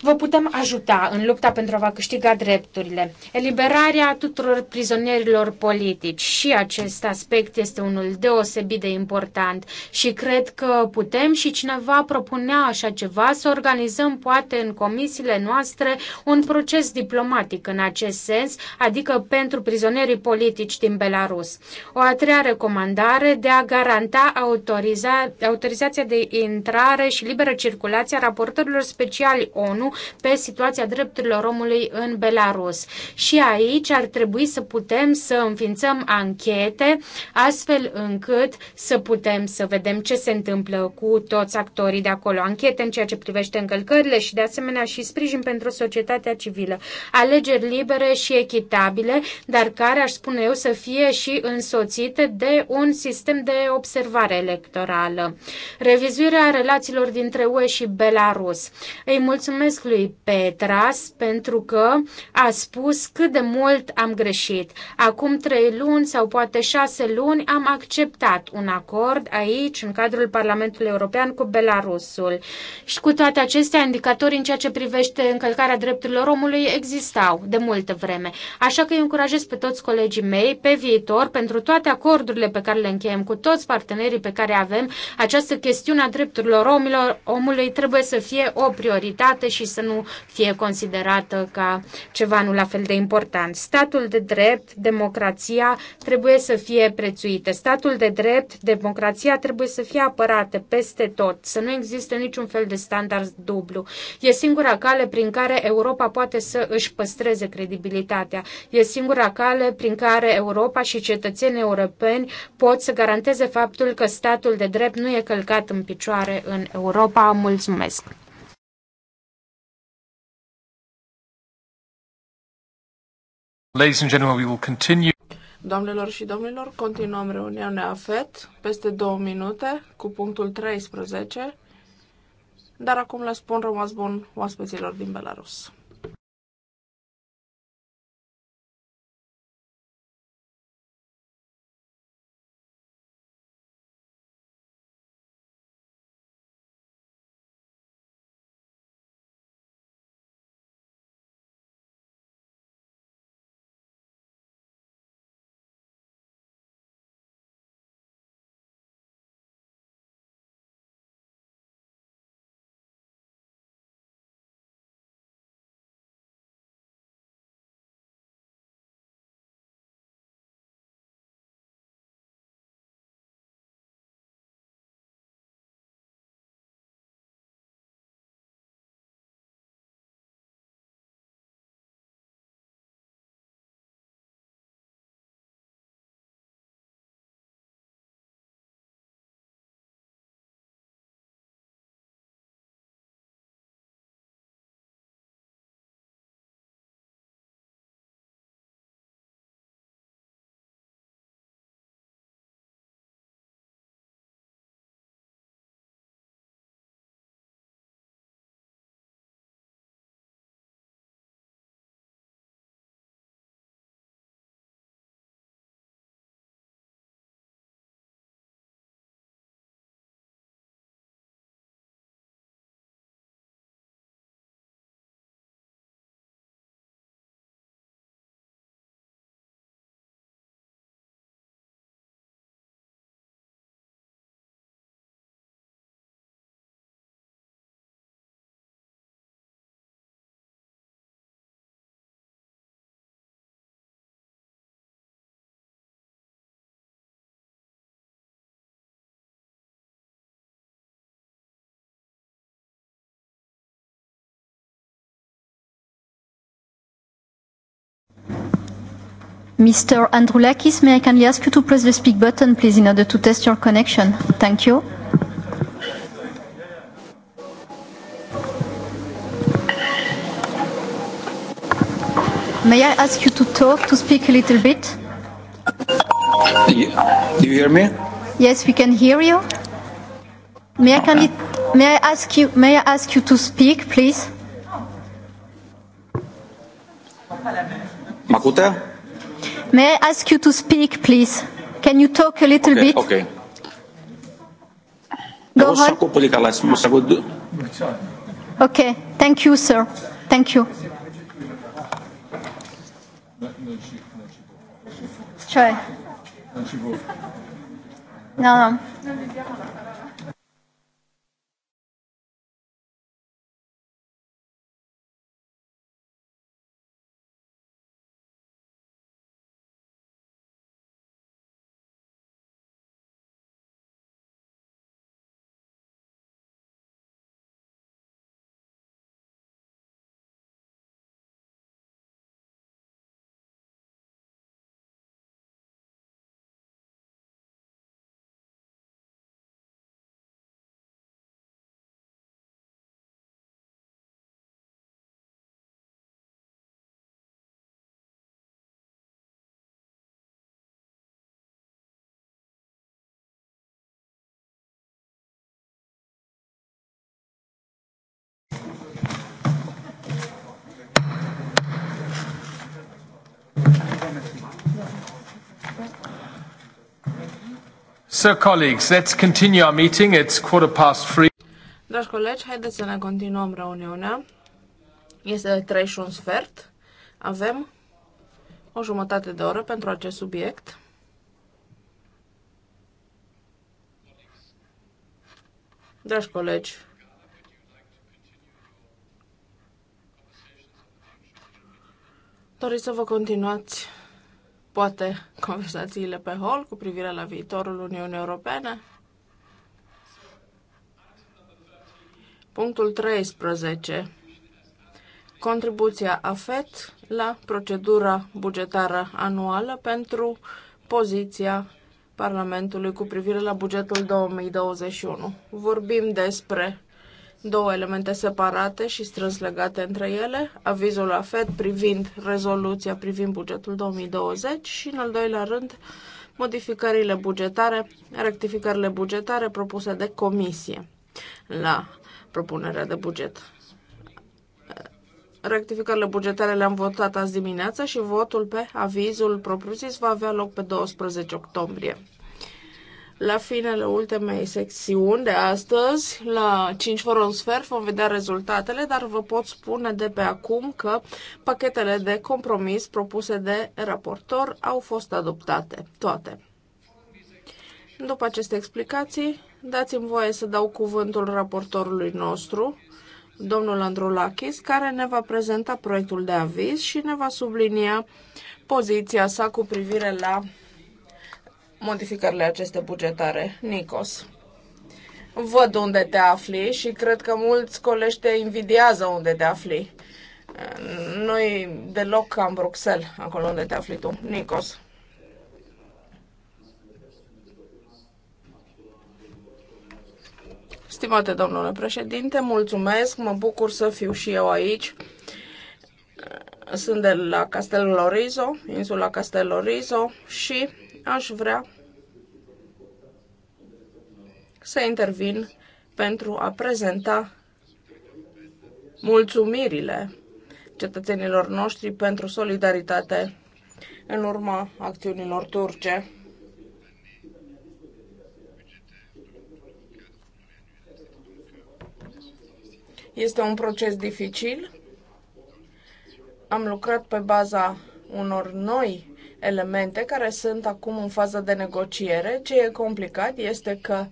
vă putem ajuta în lupta pentru a vă câștiga drepturile. Eliberarea tuturor prizonierilor politici și acest aspect este unul deosebit de important și cred că putem și cineva propunea așa ceva să organizăm poate în comisiile noastre un proces diplomatic în acest sens, adică pentru prizonierii politici din Belarus. O a treia recomandare de a garanta autoriza, autorizația de intrare și liberă circulație a raportorilor speciali ONU pe situația drepturilor omului în Belarus. Și aici ar trebui să putem să înființăm anchete astfel încât să putem să vedem ce se întâmplă cu toți actorii de acolo. Anchete în ceea ce privește încălcările și de asemenea și sprijin pentru societatea civilă. Alegeri libere și echitabile, dar care, aș spune eu, să fie și însoțite de un sistem de observare electorală. Revizuirea relațiilor dintre UE și Belarus. Îi mulțumesc lui Petras pentru că a spus cât de mult am greșit. Acum trei luni sau poate șase luni am acceptat un acord aici, în cadrul Parlamentului European, cu Belarusul. Și cu toate acestea, indicatorii în ceea ce privește încălcarea drepturilor omului existau de multă vreme. Așa că îi încurajez pe toți colegii mei pe viitor, pentru toate acordurile pe care le încheiem cu toți partenerii pe care avem, această chestiune a drepturilor omilor, omului trebuie să fie o prioritate și să nu fie considerată ca ceva nu la fel de important. Statul de drept, democrația trebuie să fie prețuite. Statul de drept, democrația trebuie să fie apărate peste tot, să nu existe niciun fel de standard dublu. E singura cale prin care Europa poate să își păstreze credibilitatea. E singura cale prin care Europa și cetățenii europeni pot să garanteze faptul că statul de drept nu e călcat în picioare în Europa. Mulțumesc! Ladies and gentlemen, we will continue. Doamnelor și domnilor, continuăm reuniunea FET peste două minute cu punctul 13, dar acum le spun rămas bun oaspeților din Belarus. Mr. Androulakis, may I kindly ask you to press the speak button, please, in order to test your connection? Thank you. May I ask you to talk, to speak a little bit? Do you hear me? Yes, we can hear you. May I kindly, may I ask you, may I ask you to speak, please? M'acută? May I ask you to speak, please? Can you talk a little okay, bit? Okay. Go ahead. Okay. Thank you, sir. Thank you. Try. No, no. So, colleagues, let's continue our meeting. It's quarter past three. Dragi colegi, haideți să ne continuăm reuniunea. Este 3 și un sfert. Avem o jumătate de oră pentru acest subiect. Dragi colegi, doriți să vă continuați poate (laughs) conversațiile pe hol cu privire la viitorul Uniunii Europene? Punctul 13. Contribuția AFET la procedura bugetară anuală pentru poziția Parlamentului cu privire la bugetul 2021. Vorbim despre două elemente separate și strâns legate între ele, avizul la FED privind rezoluția privind bugetul 2020 și, în al doilea rând, modificările bugetare, rectificările bugetare propuse de comisie la propunerea de buget. Rectificările bugetare le-am votat azi dimineața și votul pe avizul propriu-zis va avea loc pe 12 octombrie. La finele ultimei secțiuni de astăzi, la 5 fără un sfert, vom vedea rezultatele, dar vă pot spune de pe acum că pachetele de compromis propuse de raportor au fost adoptate, toate. După aceste explicații, dați-mi voie să dau cuvântul raportorului nostru, domnul Andrulakis, care ne va prezenta proiectul de aviz și ne va sublinia poziția sa cu privire la modificările aceste bugetare. Nicos. Văd unde te afli și cred că mulți colegi te invidiază unde te afli. Noi deloc ca în Bruxelles, acolo unde te afli tu. Nicos. Stimate domnule președinte, mulțumesc, mă bucur să fiu și eu aici. Sunt de la Castelul Lorizo, insula Castelul Lorizo și aș vrea să intervin pentru a prezenta mulțumirile cetățenilor noștri pentru solidaritate în urma acțiunilor turce. Este un proces dificil. Am lucrat pe baza unor noi elemente care sunt acum în fază de negociere. Ce e complicat este că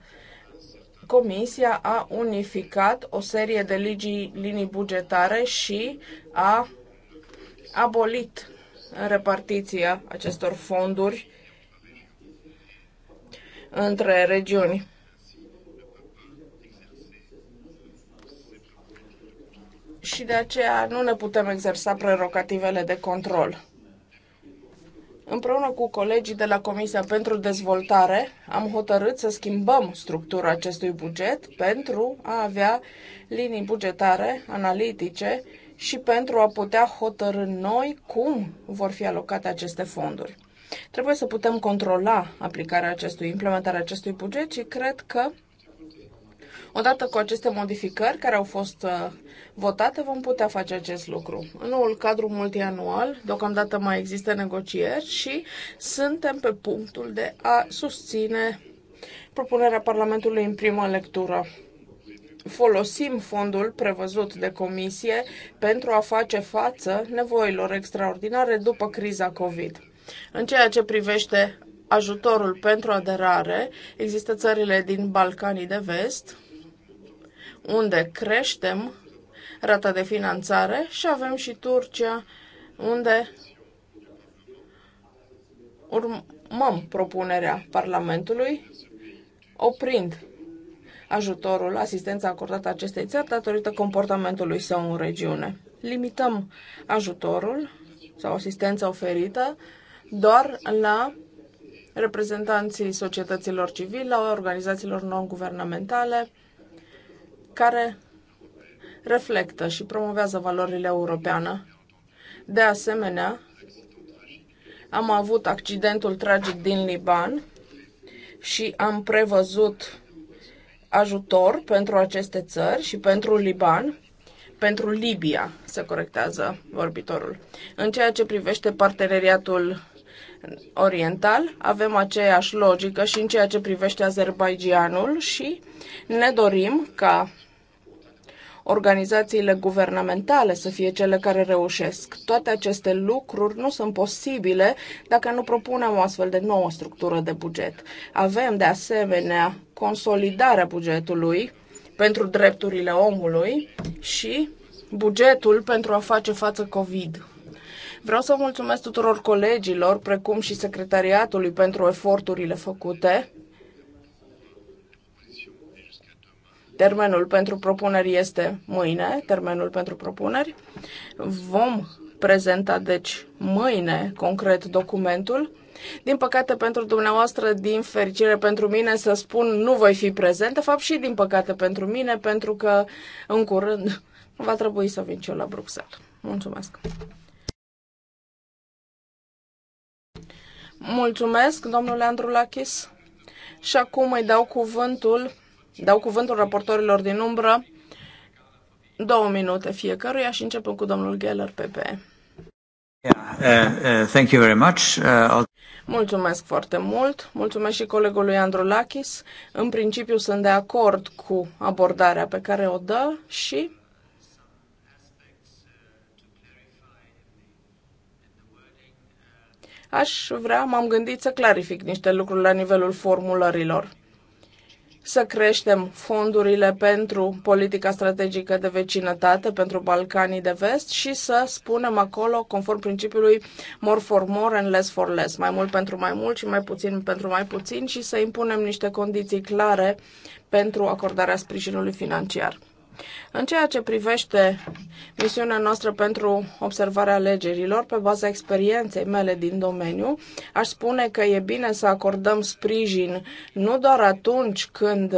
Comisia a unificat o serie de ligii, linii bugetare și a abolit repartiția acestor fonduri între regiuni. Și de aceea nu ne putem exersa prerogativele de control. Împreună cu colegii de la Comisia pentru Dezvoltare am hotărât să schimbăm structura acestui buget pentru a avea linii bugetare analitice și pentru a putea hotărâ noi cum vor fi alocate aceste fonduri. Trebuie să putem controla aplicarea acestui, implementarea acestui buget și cred că Odată cu aceste modificări care au fost uh, votate, vom putea face acest lucru. În noul cadru multianual, deocamdată mai există negocieri și suntem pe punctul de a susține propunerea Parlamentului în prima lectură folosim fondul prevăzut de comisie pentru a face față nevoilor extraordinare după criza COVID. În ceea ce privește ajutorul pentru aderare, există țările din Balcanii de Vest, unde creștem rata de finanțare și avem și Turcia, unde urmăm propunerea Parlamentului, oprind ajutorul, asistența acordată acestei țări datorită comportamentului său în regiune. Limităm ajutorul sau asistența oferită doar la reprezentanții societăților civile, la organizațiilor non-guvernamentale, care reflectă și promovează valorile europeană. De asemenea, am avut accidentul tragic din Liban și am prevăzut ajutor pentru aceste țări și pentru Liban, pentru Libia, se corectează vorbitorul. În ceea ce privește parteneriatul oriental, avem aceeași logică și în ceea ce privește Azerbaijanul și ne dorim ca organizațiile guvernamentale să fie cele care reușesc. Toate aceste lucruri nu sunt posibile dacă nu propunem o astfel de nouă structură de buget. Avem, de asemenea, consolidarea bugetului pentru drepturile omului și bugetul pentru a face față COVID. Vreau să mulțumesc tuturor colegilor, precum și secretariatului pentru eforturile făcute Termenul pentru propuneri este mâine, termenul pentru propuneri. Vom prezenta, deci, mâine, concret, documentul. Din păcate pentru dumneavoastră, din fericire pentru mine, să spun, nu voi fi prezent. De fapt, și din păcate pentru mine, pentru că în curând (laughs) va trebui să vin și eu la Bruxelles. Mulțumesc! Mulțumesc, domnule Andrulachis. Și acum îi dau cuvântul dau cuvântul raportorilor din umbră, două minute fiecăruia și începem cu domnul Geller, PP. Yeah, uh, uh, thank you very much. Uh, mulțumesc foarte mult. Mulțumesc și colegului Andrew Lachis. În principiu sunt de acord cu abordarea pe care o dă și aș vrea, m-am gândit să clarific niște lucruri la nivelul formulărilor să creștem fondurile pentru politica strategică de vecinătate pentru Balcanii de Vest și să spunem acolo, conform principiului more for more and less for less, mai mult pentru mai mult și mai puțin pentru mai puțin și să impunem niște condiții clare pentru acordarea sprijinului financiar. În ceea ce privește misiunea noastră pentru observarea alegerilor, pe baza experienței mele din domeniu, aș spune că e bine să acordăm sprijin nu doar atunci când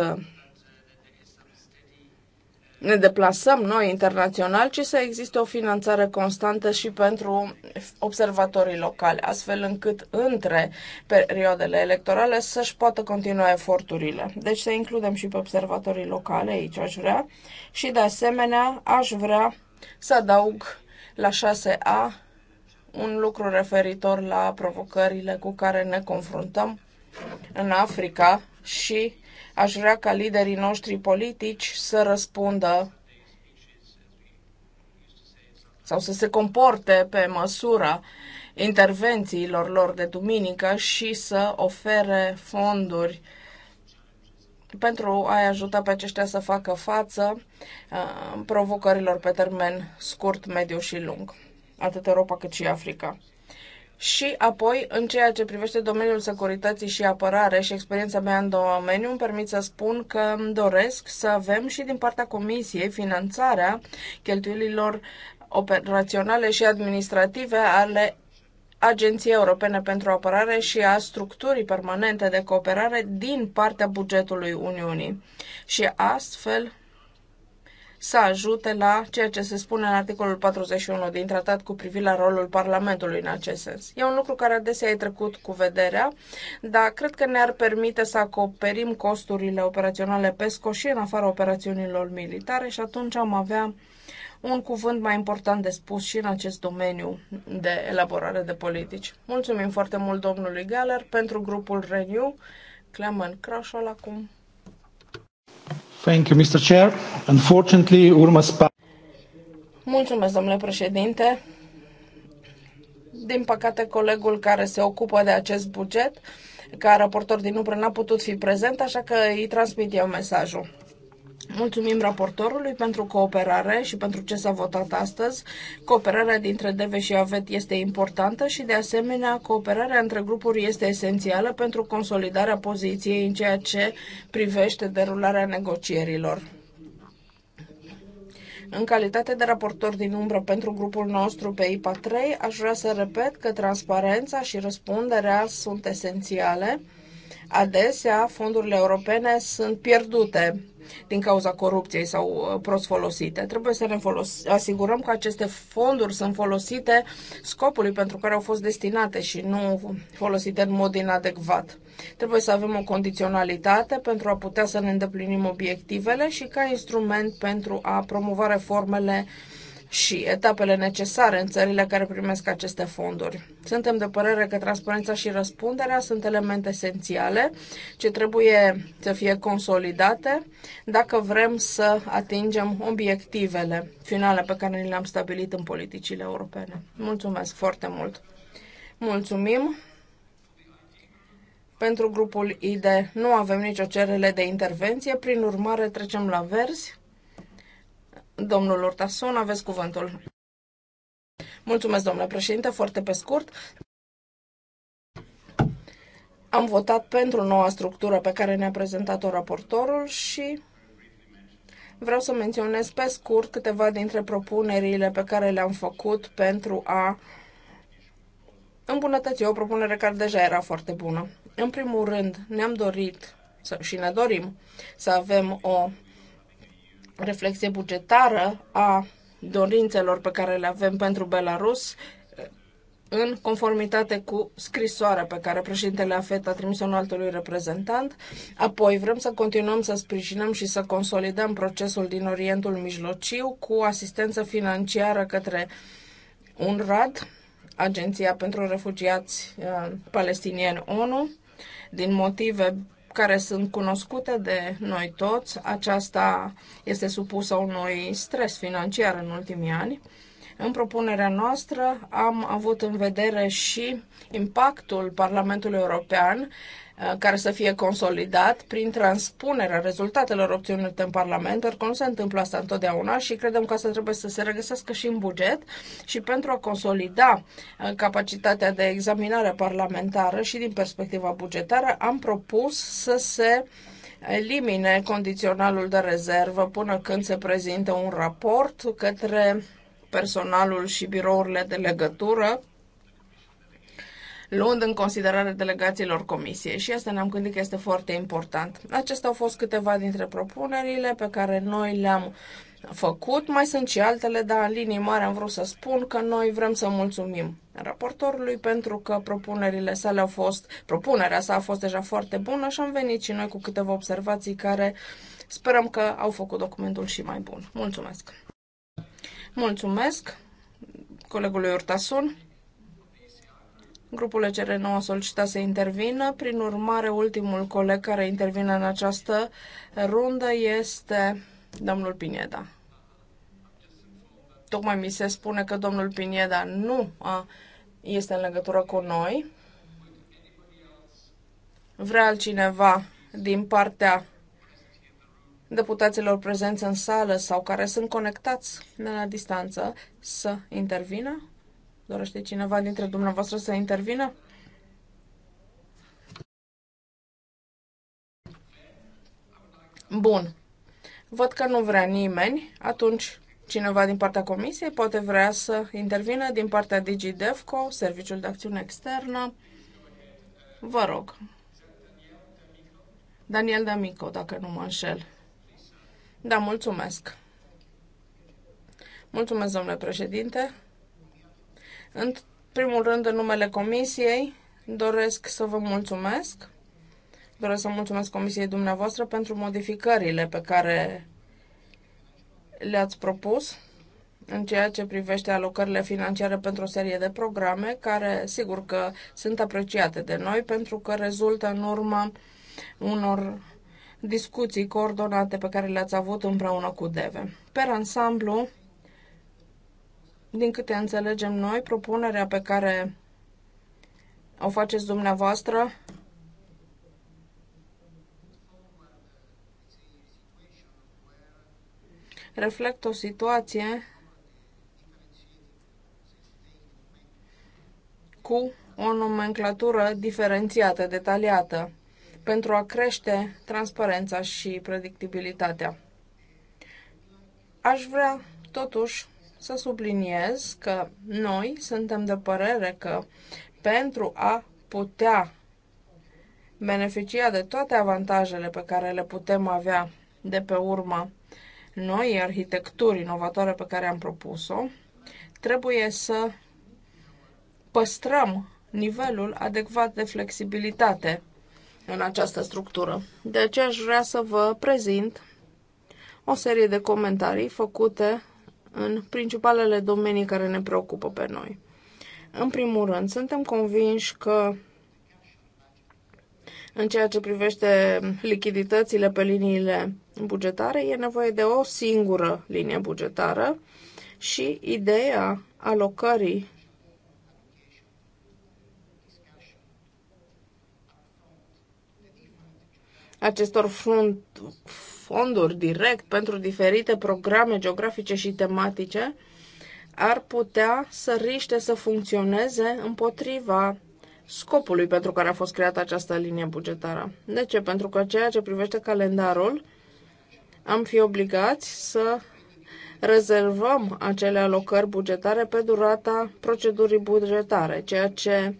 ne deplasăm noi internațional, ci să existe o finanțare constantă și pentru observatorii locale, astfel încât între perioadele electorale să-și poată continua eforturile. Deci să includem și pe observatorii locale, aici aș vrea, și de asemenea aș vrea să adaug la 6A un lucru referitor la provocările cu care ne confruntăm în Africa și Aș vrea ca liderii noștri politici să răspundă sau să se comporte pe măsura intervențiilor lor de duminică și să ofere fonduri pentru a-i ajuta pe aceștia să facă față uh, provocărilor pe termen scurt, mediu și lung, atât Europa cât și Africa. Și apoi, în ceea ce privește domeniul securității și apărare și experiența mea în domeniu, îmi permit să spun că îmi doresc să avem și din partea Comisiei finanțarea cheltuielilor operaționale și administrative ale Agenției Europene pentru Apărare și a structurii permanente de cooperare din partea bugetului Uniunii. Și astfel să ajute la ceea ce se spune în articolul 41 din tratat cu privire la rolul Parlamentului în acest sens. E un lucru care adesea e trecut cu vederea, dar cred că ne-ar permite să acoperim costurile operaționale PESCO și în afara operațiunilor militare și atunci am avea un cuvânt mai important de spus și în acest domeniu de elaborare de politici. Mulțumim foarte mult domnului Galer pentru grupul Renew. Clemen Crașol acum. Thank you, Mr. Chair. Unfortunately, Spa... Mulțumesc, domnule președinte. Din păcate, colegul care se ocupă de acest buget, ca raportor din umbră, n-a putut fi prezent, așa că îi transmit eu mesajul. Mulțumim raportorului pentru cooperare și pentru ce s-a votat astăzi. Cooperarea dintre DEVE și AVET este importantă și, de asemenea, cooperarea între grupuri este esențială pentru consolidarea poziției în ceea ce privește derularea negocierilor. În calitate de raportor din umbră pentru grupul nostru pe IPA 3, aș vrea să repet că transparența și răspunderea sunt esențiale Adesea, fondurile europene sunt pierdute din cauza corupției sau uh, prost folosite. Trebuie să ne asigurăm că aceste fonduri sunt folosite scopului pentru care au fost destinate și nu folosite în mod inadecvat. Trebuie să avem o condiționalitate pentru a putea să ne îndeplinim obiectivele și ca instrument pentru a promova reformele uh, și etapele necesare în țările care primesc aceste fonduri. Suntem de părere că transparența și răspunderea sunt elemente esențiale ce trebuie să fie consolidate dacă vrem să atingem obiectivele finale pe care le-am stabilit în politicile europene. Mulțumesc foarte mult! Mulțumim! Pentru grupul ID nu avem nicio cerere de intervenție, prin urmare trecem la verzi. Domnul Urtasun, aveți cuvântul. Mulțumesc, domnule președinte, foarte pe scurt. Am votat pentru noua structură pe care ne-a prezentat-o raportorul și vreau să menționez pe scurt câteva dintre propunerile pe care le-am făcut pentru a îmbunătăți o propunere care deja era foarte bună. În primul rând, ne-am dorit să, și ne dorim să avem o reflexie bugetară a dorințelor pe care le avem pentru Belarus în conformitate cu scrisoarea pe care președintele AFET a trimis-o în altului reprezentant. Apoi vrem să continuăm să sprijinăm și să consolidăm procesul din Orientul Mijlociu cu asistență financiară către UNRAD, Agenția pentru Refugiați uh, Palestinieni ONU, din motive care sunt cunoscute de noi toți. Aceasta este supusă unui stres financiar în ultimii ani în propunerea noastră am avut în vedere și impactul Parlamentului European uh, care să fie consolidat prin transpunerea rezultatelor obținute în Parlament, pentru că nu se întâmplă asta întotdeauna și credem că asta trebuie să se regăsească și în buget și pentru a consolida uh, capacitatea de examinare parlamentară și din perspectiva bugetară, am propus să se elimine condiționalul de rezervă până când se prezintă un raport către personalul și birourile de legătură, luând în considerare delegațiilor comisiei. Și asta ne-am gândit că este foarte important. Acestea au fost câteva dintre propunerile pe care noi le-am făcut. Mai sunt și altele, dar în linii mari am vrut să spun că noi vrem să mulțumim raportorului pentru că propunerile sale au fost, propunerea sa a fost deja foarte bună și am venit și noi cu câteva observații care sperăm că au făcut documentul și mai bun. Mulțumesc! Mulțumesc colegului Ortasun. Grupul ECR nu a solicitat să intervină, prin urmare ultimul coleg care intervine în această rundă este domnul Pineda. Tocmai mi se spune că domnul Pineda nu a, este în legătură cu noi. Vrea altcineva din partea deputaților prezenți în sală sau care sunt conectați de la distanță să intervină? Dorește cineva dintre dumneavoastră să intervină? Bun. Văd că nu vrea nimeni, atunci cineva din partea comisiei poate vrea să intervină din partea DigiDevco, Serviciul de Acțiune Externă. Vă rog. Daniel D'Amico, dacă nu mă înșel. Da, mulțumesc. Mulțumesc, domnule președinte. În primul rând, în numele Comisiei, doresc să vă mulțumesc. Doresc să mulțumesc Comisiei dumneavoastră pentru modificările pe care le-ați propus în ceea ce privește alocările financiare pentru o serie de programe care, sigur că sunt apreciate de noi pentru că rezultă în urma unor discuții coordonate pe care le-ați avut împreună cu DEVE. Per ansamblu, din câte înțelegem noi, propunerea pe care o faceți dumneavoastră reflectă o situație cu o nomenclatură diferențiată, detaliată pentru a crește transparența și predictibilitatea. Aș vrea, totuși, să subliniez că noi suntem de părere că pentru a putea beneficia de toate avantajele pe care le putem avea de pe urma noi arhitecturi inovatoare pe care am propus-o, trebuie să păstrăm nivelul adecvat de flexibilitate în această structură. De deci, aceea aș vrea să vă prezint o serie de comentarii făcute în principalele domenii care ne preocupă pe noi. În primul rând, suntem convinși că în ceea ce privește lichiditățile pe liniile bugetare, e nevoie de o singură linie bugetară și ideea alocării acestor fund, fonduri direct pentru diferite programe geografice și tematice ar putea să riște să funcționeze împotriva scopului pentru care a fost creată această linie bugetară. De ce? Pentru că ceea ce privește calendarul, am fi obligați să rezervăm acele alocări bugetare pe durata procedurii bugetare, ceea ce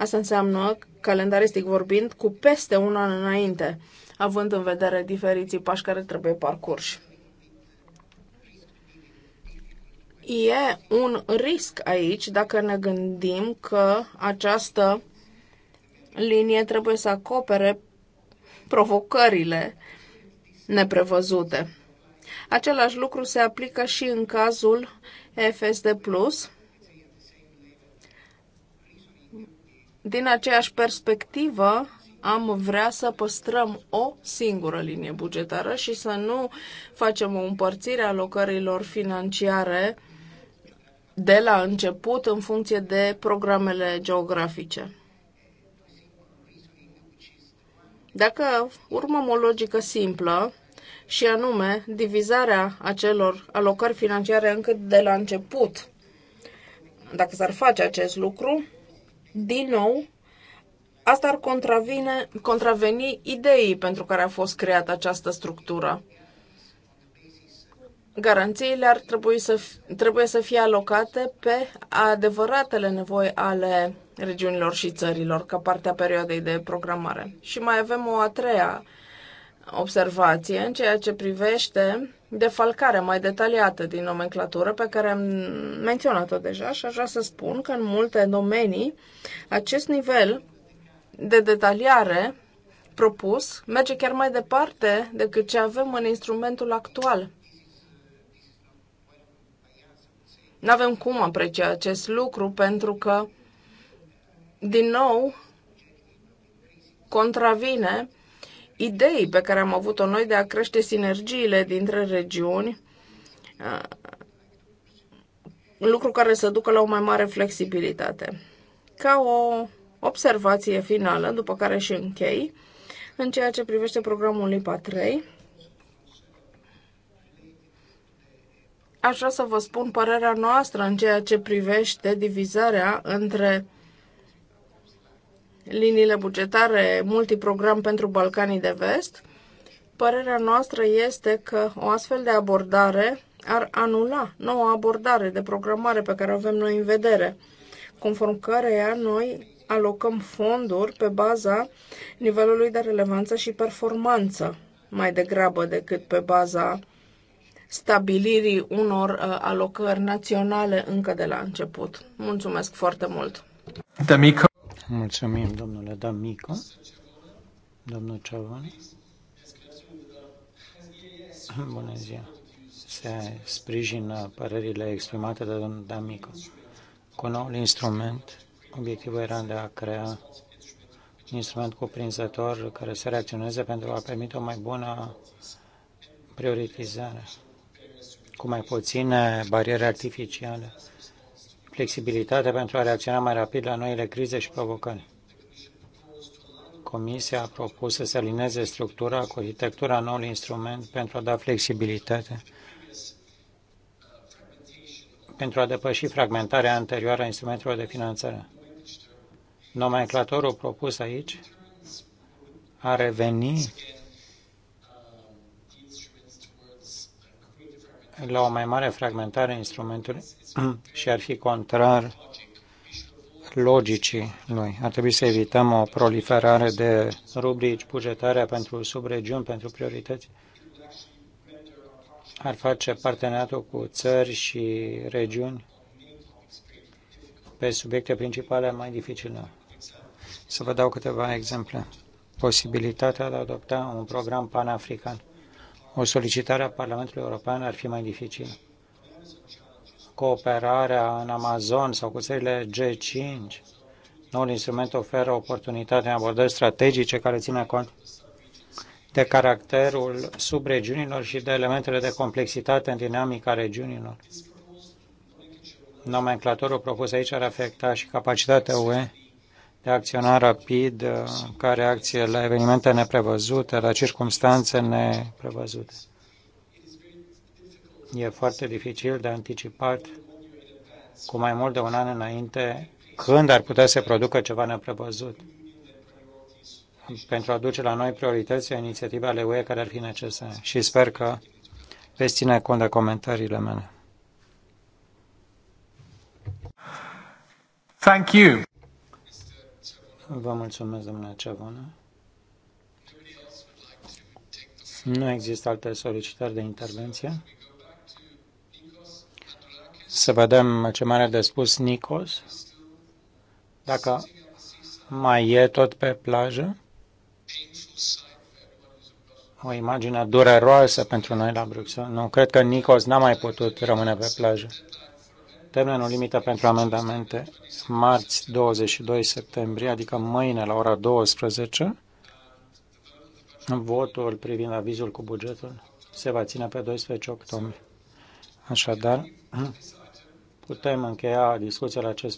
Asta înseamnă, calendaristic vorbind, cu peste un an înainte, având în vedere diferiții pași care trebuie parcurși. E un risc aici dacă ne gândim că această linie trebuie să acopere provocările neprevăzute. Același lucru se aplică și în cazul FSD Plus, Din aceeași perspectivă, am vrea să păstrăm o singură linie bugetară și să nu facem o împărțire a locărilor financiare de la început în funcție de programele geografice. Dacă urmăm o logică simplă, și anume divizarea acelor alocări financiare încât de la început, dacă s-ar face acest lucru, din nou, asta ar contravine, contraveni ideii pentru care a fost creată această structură. Garanțiile ar trebui să, trebuie să fie alocate pe adevăratele nevoi ale regiunilor și țărilor ca partea perioadei de programare. Și mai avem o a treia uh, observație în ceea ce privește defalcarea mai detaliată din nomenclatură pe care am menționat-o deja și aș vrea să spun că în multe domenii acest nivel de detaliare propus merge chiar mai departe decât ce avem în instrumentul actual. Nu avem cum aprecia acest lucru pentru că, din nou, contravine idei pe care am avut-o noi de a crește sinergiile dintre regiuni, uh, lucru care să ducă la o mai mare flexibilitate. Ca o observație finală, după care și închei, în ceea ce privește programul LIPA 3, aș vrea să vă spun părerea noastră în ceea ce privește divizarea între liniile bugetare multiprogram pentru Balcanii de Vest, părerea noastră este că o astfel de abordare ar anula noua abordare de programare pe care o avem noi în vedere, conform căreia noi alocăm fonduri pe baza nivelului de relevanță și performanță, mai degrabă decât pe baza stabilirii unor uh, alocări naționale încă de la început. Mulțumesc foarte mult! Mulțumim, domnule D'Amico. Domnul Ciovani. Bună ziua. Se sprijină părerile exprimate de domnul D'Amico. Cu noul instrument, obiectivul era de a crea un instrument cuprinzător care să reacționeze pentru a permite o mai bună prioritizare, cu mai puține bariere artificiale flexibilitate pentru a reacționa mai rapid la noile crize și provocări. Comisia a propus să se alineze structura cu arhitectura noului instrument pentru a da flexibilitate pentru a depăși fragmentarea anterioară a instrumentelor de finanțare. Nomenclatorul propus aici a reveni la o mai mare fragmentare a instrumentului Ah. și ar fi contrar logicii lui. Ar trebui să evităm o proliferare de rubrici bugetare pentru subregiuni, pentru priorități. Ar face parteneriatul cu țări și regiuni pe subiecte principale mai dificile. Să vă dau câteva exemple. Posibilitatea de a adopta un program panafrican. O solicitare a Parlamentului European ar fi mai dificilă cooperarea în Amazon sau cu țările G5. Noul instrument oferă oportunitate în abordări strategice care ține cont de caracterul subregiunilor și de elementele de complexitate în dinamica regiunilor. Nomenclatorul propus aici ar afecta și capacitatea UE de a acționa rapid ca reacție la evenimente neprevăzute, la circumstanțe neprevăzute. E foarte dificil de anticipat cu mai mult de un an înainte când ar putea să producă ceva neprevăzut pentru a duce la noi priorități inițiative ale UE care ar fi necesare. Și sper că veți ține cont de comentariile mele. Thank you. Vă mulțumesc, domnule Cevonă. Nu există alte solicitări de intervenție. Să vedem ce mai are de spus Nicos. Dacă mai e tot pe plajă. O imagine dureroasă pentru noi la Bruxelles. Nu, cred că Nicos n-a mai putut rămâne pe plajă. Termenul limită pentru amendamente, marți 22 septembrie, adică mâine la ora 12, votul privind avizul cu bugetul se va ține pe 12 octombrie. Așadar, Putem încheia discuția la acest